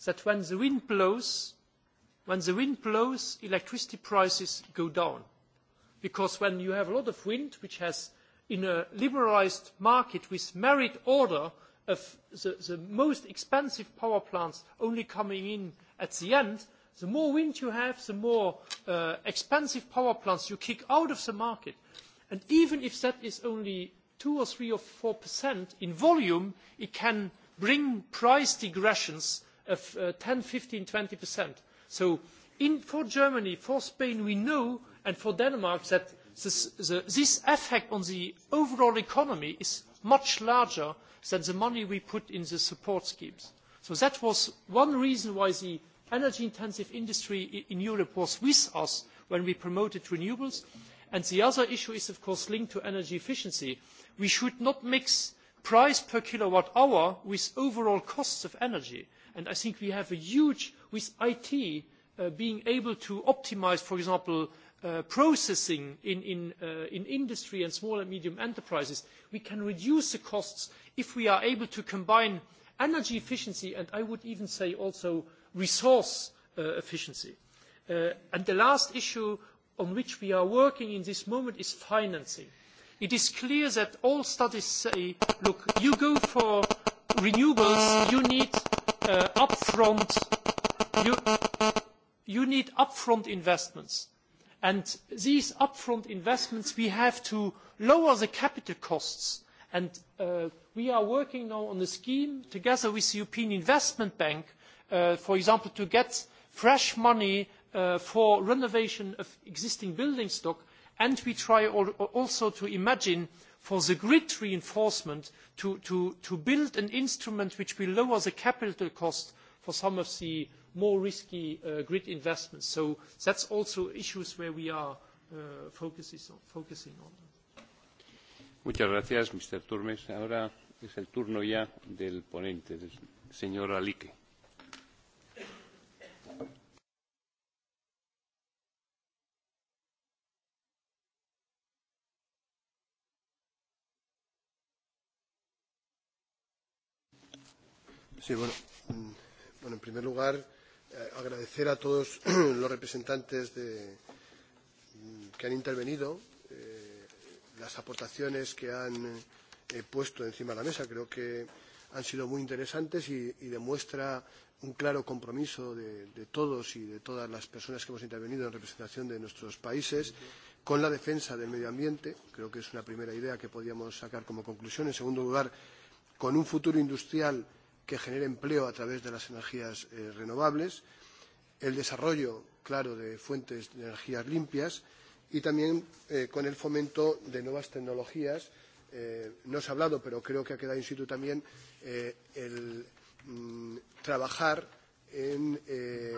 A: that when the wind blows, when the wind blows, electricity prices go down. Because when you have a lot of wind, which has in a liberalised market with merit order of the, the most expensive power plants only coming in at the end, The more wind you have, the more uh, expensive power plants you kick out of the market. And even if that is only 2 or 3 or 4 percent in volume, it can bring price digressions of uh, 10, 15, 20 percent. So in, for Germany, for Spain, we know, and for Denmark, that this, the, this effect on the overall economy is much larger than the money we put in the support schemes. So that was one reason why the energy intensive industry in Europe was with us when we promoted renewables. And the other issue is of course linked to energy efficiency. We should not mix price per kilowatt hour with overall costs of energy. And I think we have a huge, with IT uh, being able to optimise, for example, uh, processing in, in, uh, in industry and small and medium enterprises, we can reduce the costs if we are able to combine energy efficiency and I would even say also resource uh, efficiency. Uh, and the last issue on which we are working in this moment is financing. It is clear that all studies say, look, you go for renewables, you need uh, upfront you, you need upfront investments. And these upfront investments, we have to lower the capital costs. And uh, we are working now on a scheme together with the European Investment Bank Uh, for example, to get fresh money uh, for renovation of existing building stock, and we try also to imagine for the grid reinforcement to, to, to build an instrument which will lower the capital cost for some of the more risky uh, grid investments. So that's also issues where we are uh, on, focusing on.
W: Muchas gracias, Mr. Turmes. Ahora es el turno ya del ponente, del señor Alique.
T: Sí, bueno, mm, bueno en primer lugar, eh, agradecer a todos los representantes de, mm, que han intervenido eh, las aportaciones que han eh, puesto encima de la mesa. Creo que han sido muy interesantes y, y demuestra un claro compromiso de, de todos y de todas las personas que hemos intervenido en representación de nuestros países con la defensa del medio ambiente. Creo que es una primera idea que podíamos sacar como conclusión. En segundo lugar, con un futuro industrial que genere empleo a través de las energías eh, renovables, el desarrollo, claro, de fuentes de energías limpias y también eh, con el fomento de nuevas tecnologías. Eh, no se ha hablado, pero creo que ha quedado in situ también eh, el mm, trabajar en eh,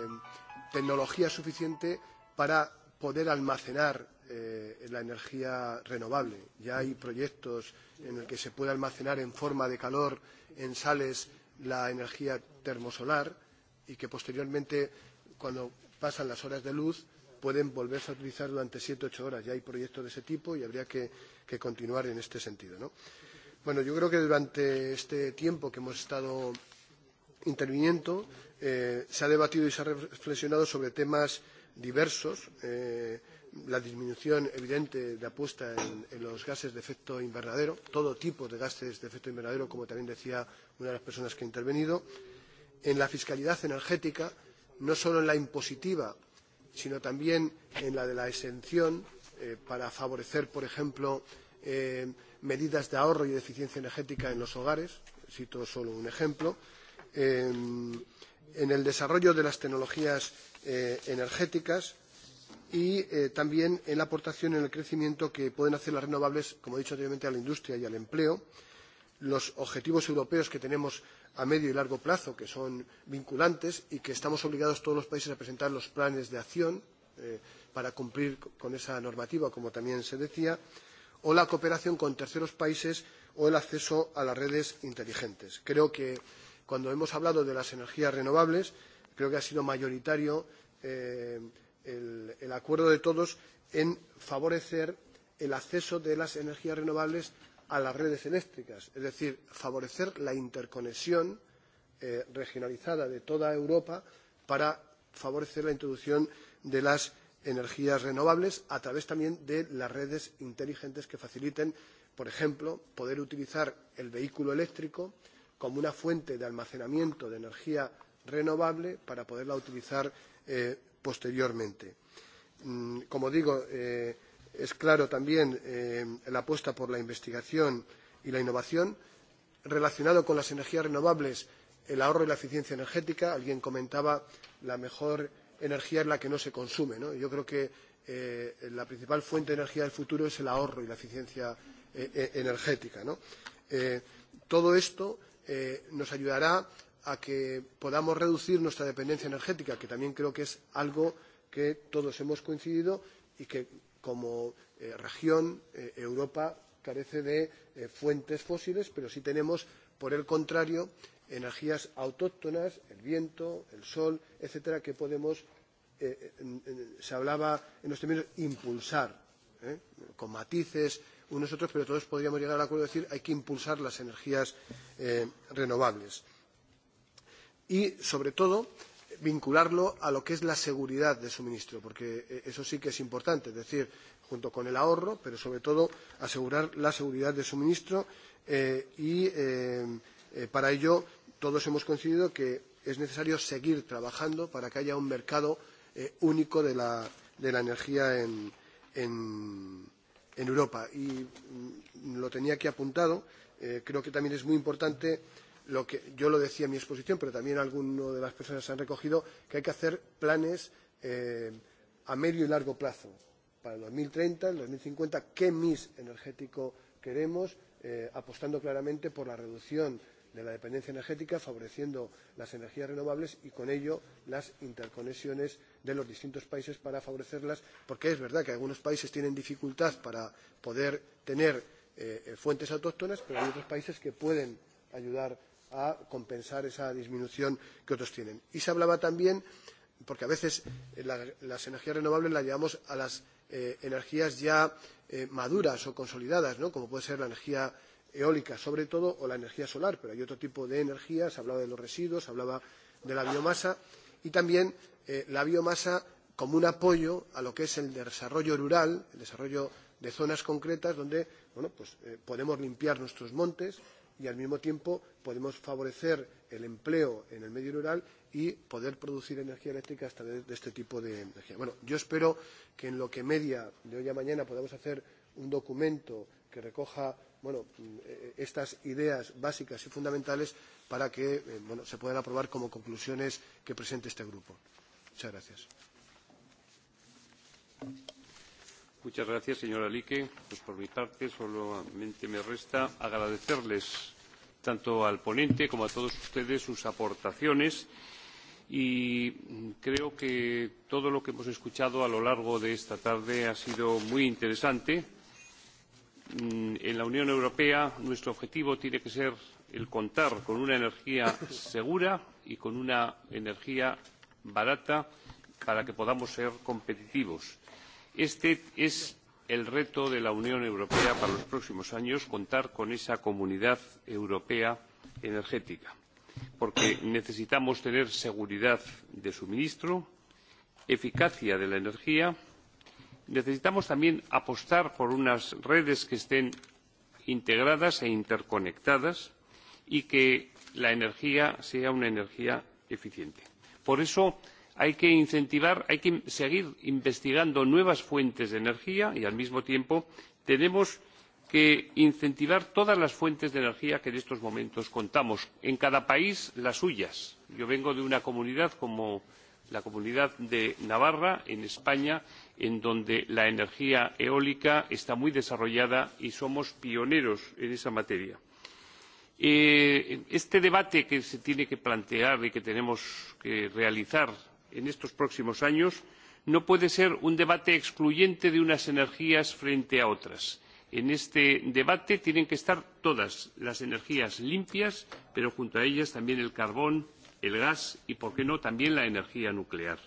T: tecnología suficiente para poder almacenar eh, la energía renovable. Ya hay proyectos en los que se puede almacenar en forma de calor en sales la energía termosolar y que posteriormente, cuando pasan las horas de luz, pueden volverse a utilizar durante siete ocho horas. Ya hay proyectos de ese tipo y habría que, que continuar en este sentido. ¿no? Bueno, yo creo que durante este tiempo que hemos estado interviniendo eh, se ha debatido y se ha reflexionado sobre temas diversos. Eh, la disminución evidente de apuesta en, en los gases de efecto invernadero, todo tipo de gases de efecto invernadero, como también decía una de las personas que ha intervenido, en la fiscalidad energética, no solo en la impositiva, sino también en la de la exención eh, para favorecer, por ejemplo, eh, medidas de ahorro y de eficiencia energética en los hogares, cito solo un ejemplo, eh, en el desarrollo de las tecnologías eh, energéticas, y eh, también en la aportación en el crecimiento que pueden hacer las renovables, como he dicho anteriormente, a la industria y al empleo. Los objetivos europeos que tenemos a medio y largo plazo, que son vinculantes y que estamos obligados todos los países a presentar los planes de acción eh, para cumplir con esa normativa, como también se decía, o la cooperación con terceros países o el acceso a las redes inteligentes. Creo que cuando hemos hablado de las energías renovables, creo que ha sido mayoritario eh, el, el acuerdo de todos en favorecer el acceso de las energías renovables a las redes eléctricas, es decir, favorecer la interconexión eh, regionalizada de toda Europa para favorecer la introducción de las energías renovables a través también de las redes inteligentes que faciliten, por ejemplo, poder utilizar el vehículo eléctrico como una fuente de almacenamiento de energía renovable para poderla utilizar eh, posteriormente. Mm, como digo, eh, es claro también eh, la apuesta por la investigación y la innovación. Relacionado con las energías renovables, el ahorro y la eficiencia energética. Alguien comentaba la mejor energía es la que no se consume. ¿no? Yo creo que eh, la principal fuente de energía del futuro es el ahorro y la eficiencia eh, eh energética. ¿no? Eh, todo esto eh, nos ayudará a que podamos reducir nuestra dependencia energética, que también creo que es algo que todos hemos coincidido y que como eh, región eh, Europa carece de eh, fuentes fósiles, pero sí tenemos, por el contrario, energías autóctonas, el viento, el sol, etcétera, que podemos, eh, en, en, se hablaba en los términos, impulsar, ¿eh? con matices unos otros, pero todos podríamos llegar al acuerdo de decir hay que impulsar las energías eh, renovables y, sobre todo, vincularlo a lo que es la seguridad de suministro, porque eh, eso sí que es importante, es decir, junto con el ahorro, pero sobre todo asegurar la seguridad de suministro eh, y eh, eh, para ello todos hemos coincidido que es necesario seguir trabajando para que haya un mercado eh, único de la, de la energía en, en, en Europa. Y mm, lo tenía aquí apuntado. Eh, creo que también es muy importante eh, lo que yo lo decía en mi exposición, pero también algunas de las personas han recogido, que hay que hacer planes eh, a medio y largo plazo. Para el 2030, el 2050, ¿qué mix energético queremos? Eh, apostando claramente por la reducción de la dependencia energética, favoreciendo las energías renovables y con ello las interconexiones de los distintos países para favorecerlas, porque es verdad que algunos países tienen dificultad para poder tener eh, eh fuentes autóctonas, pero hay otros países que pueden ayudar a compensar esa disminución que otros tienen. Y se hablaba también, porque a veces la, las energías renovables las llevamos a las eh, energías ya eh, maduras o consolidadas, ¿no? como puede ser la energía eólica, sobre todo, o la energía solar, pero hay otro tipo de energías, se hablaba de los residuos, se hablaba de la biomasa y también eh, la biomasa como un apoyo a lo que es el desarrollo rural, el desarrollo de zonas concretas donde bueno, pues, eh, podemos limpiar nuestros montes, y al mismo tiempo podemos favorecer el empleo en el medio rural y poder producir energía eléctrica a través de este tipo de energía. Bueno, yo espero que en lo que media de hoy a mañana podamos hacer un documento que recoja bueno, mm, e, e, estas ideas básicas y fundamentales para que eh, bueno, se puedan aprobar como conclusiones que presente este grupo. Muchas gracias.
W: Muchas gracias, señora Lique. Pues por mi parte, solamente me resta agradecerles tanto al ponente como a todos ustedes sus aportaciones y creo que todo lo que hemos escuchado a lo largo de esta tarde ha sido muy interesante. Mm, en la Unión Europea nuestro objetivo tiene que ser el contar con una energía segura y con una energía barata para que podamos ser competitivos este es el reto de la unión europea para los próximos años contar con esa comunidad europea energética porque necesitamos tener seguridad de suministro eficacia de la energía necesitamos también apostar por unas redes que estén integradas e interconectadas y que la energía sea una energía eficiente. por eso hay que incentivar hay que seguir investigando nuevas fuentes de energía y al mismo tiempo tenemos que incentivar todas las fuentes de energía con que en estos momentos contamos en cada país las suyas. yo vengo de una comunidad como la comunidad de navarra en españa en donde la energía eólica está muy desarrollada y somos pioneros en esa materia. Eh, este debate que se tiene que plantear y que tenemos que realizar en estos próximos años no puede ser un debate excluyente de unas energías frente a otras. en este debate tienen que estar todas las energías limpias pero junto a ellas también el carbón el gas y por qué no también la energía nuclear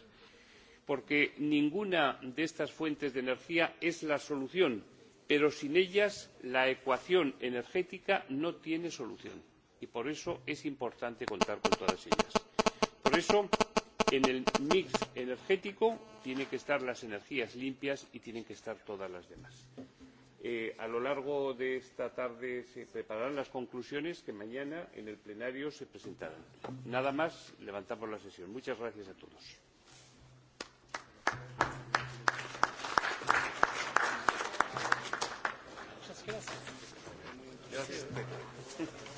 W: porque ninguna de estas fuentes de energía es la solución pero sin ellas la ecuación energética no tiene solución y por eso es importante contar con todas ellas. por eso en el mix energético tienen que estar las energías limpias y tienen que estar todas las demás. Eh, a lo largo de esta tarde se prepararán las conclusiones que mañana en el plenario se presentarán. Nada más, levantamos la sesión. Muchas gracias a todos.
A: Muchas gracias.
S: gracias.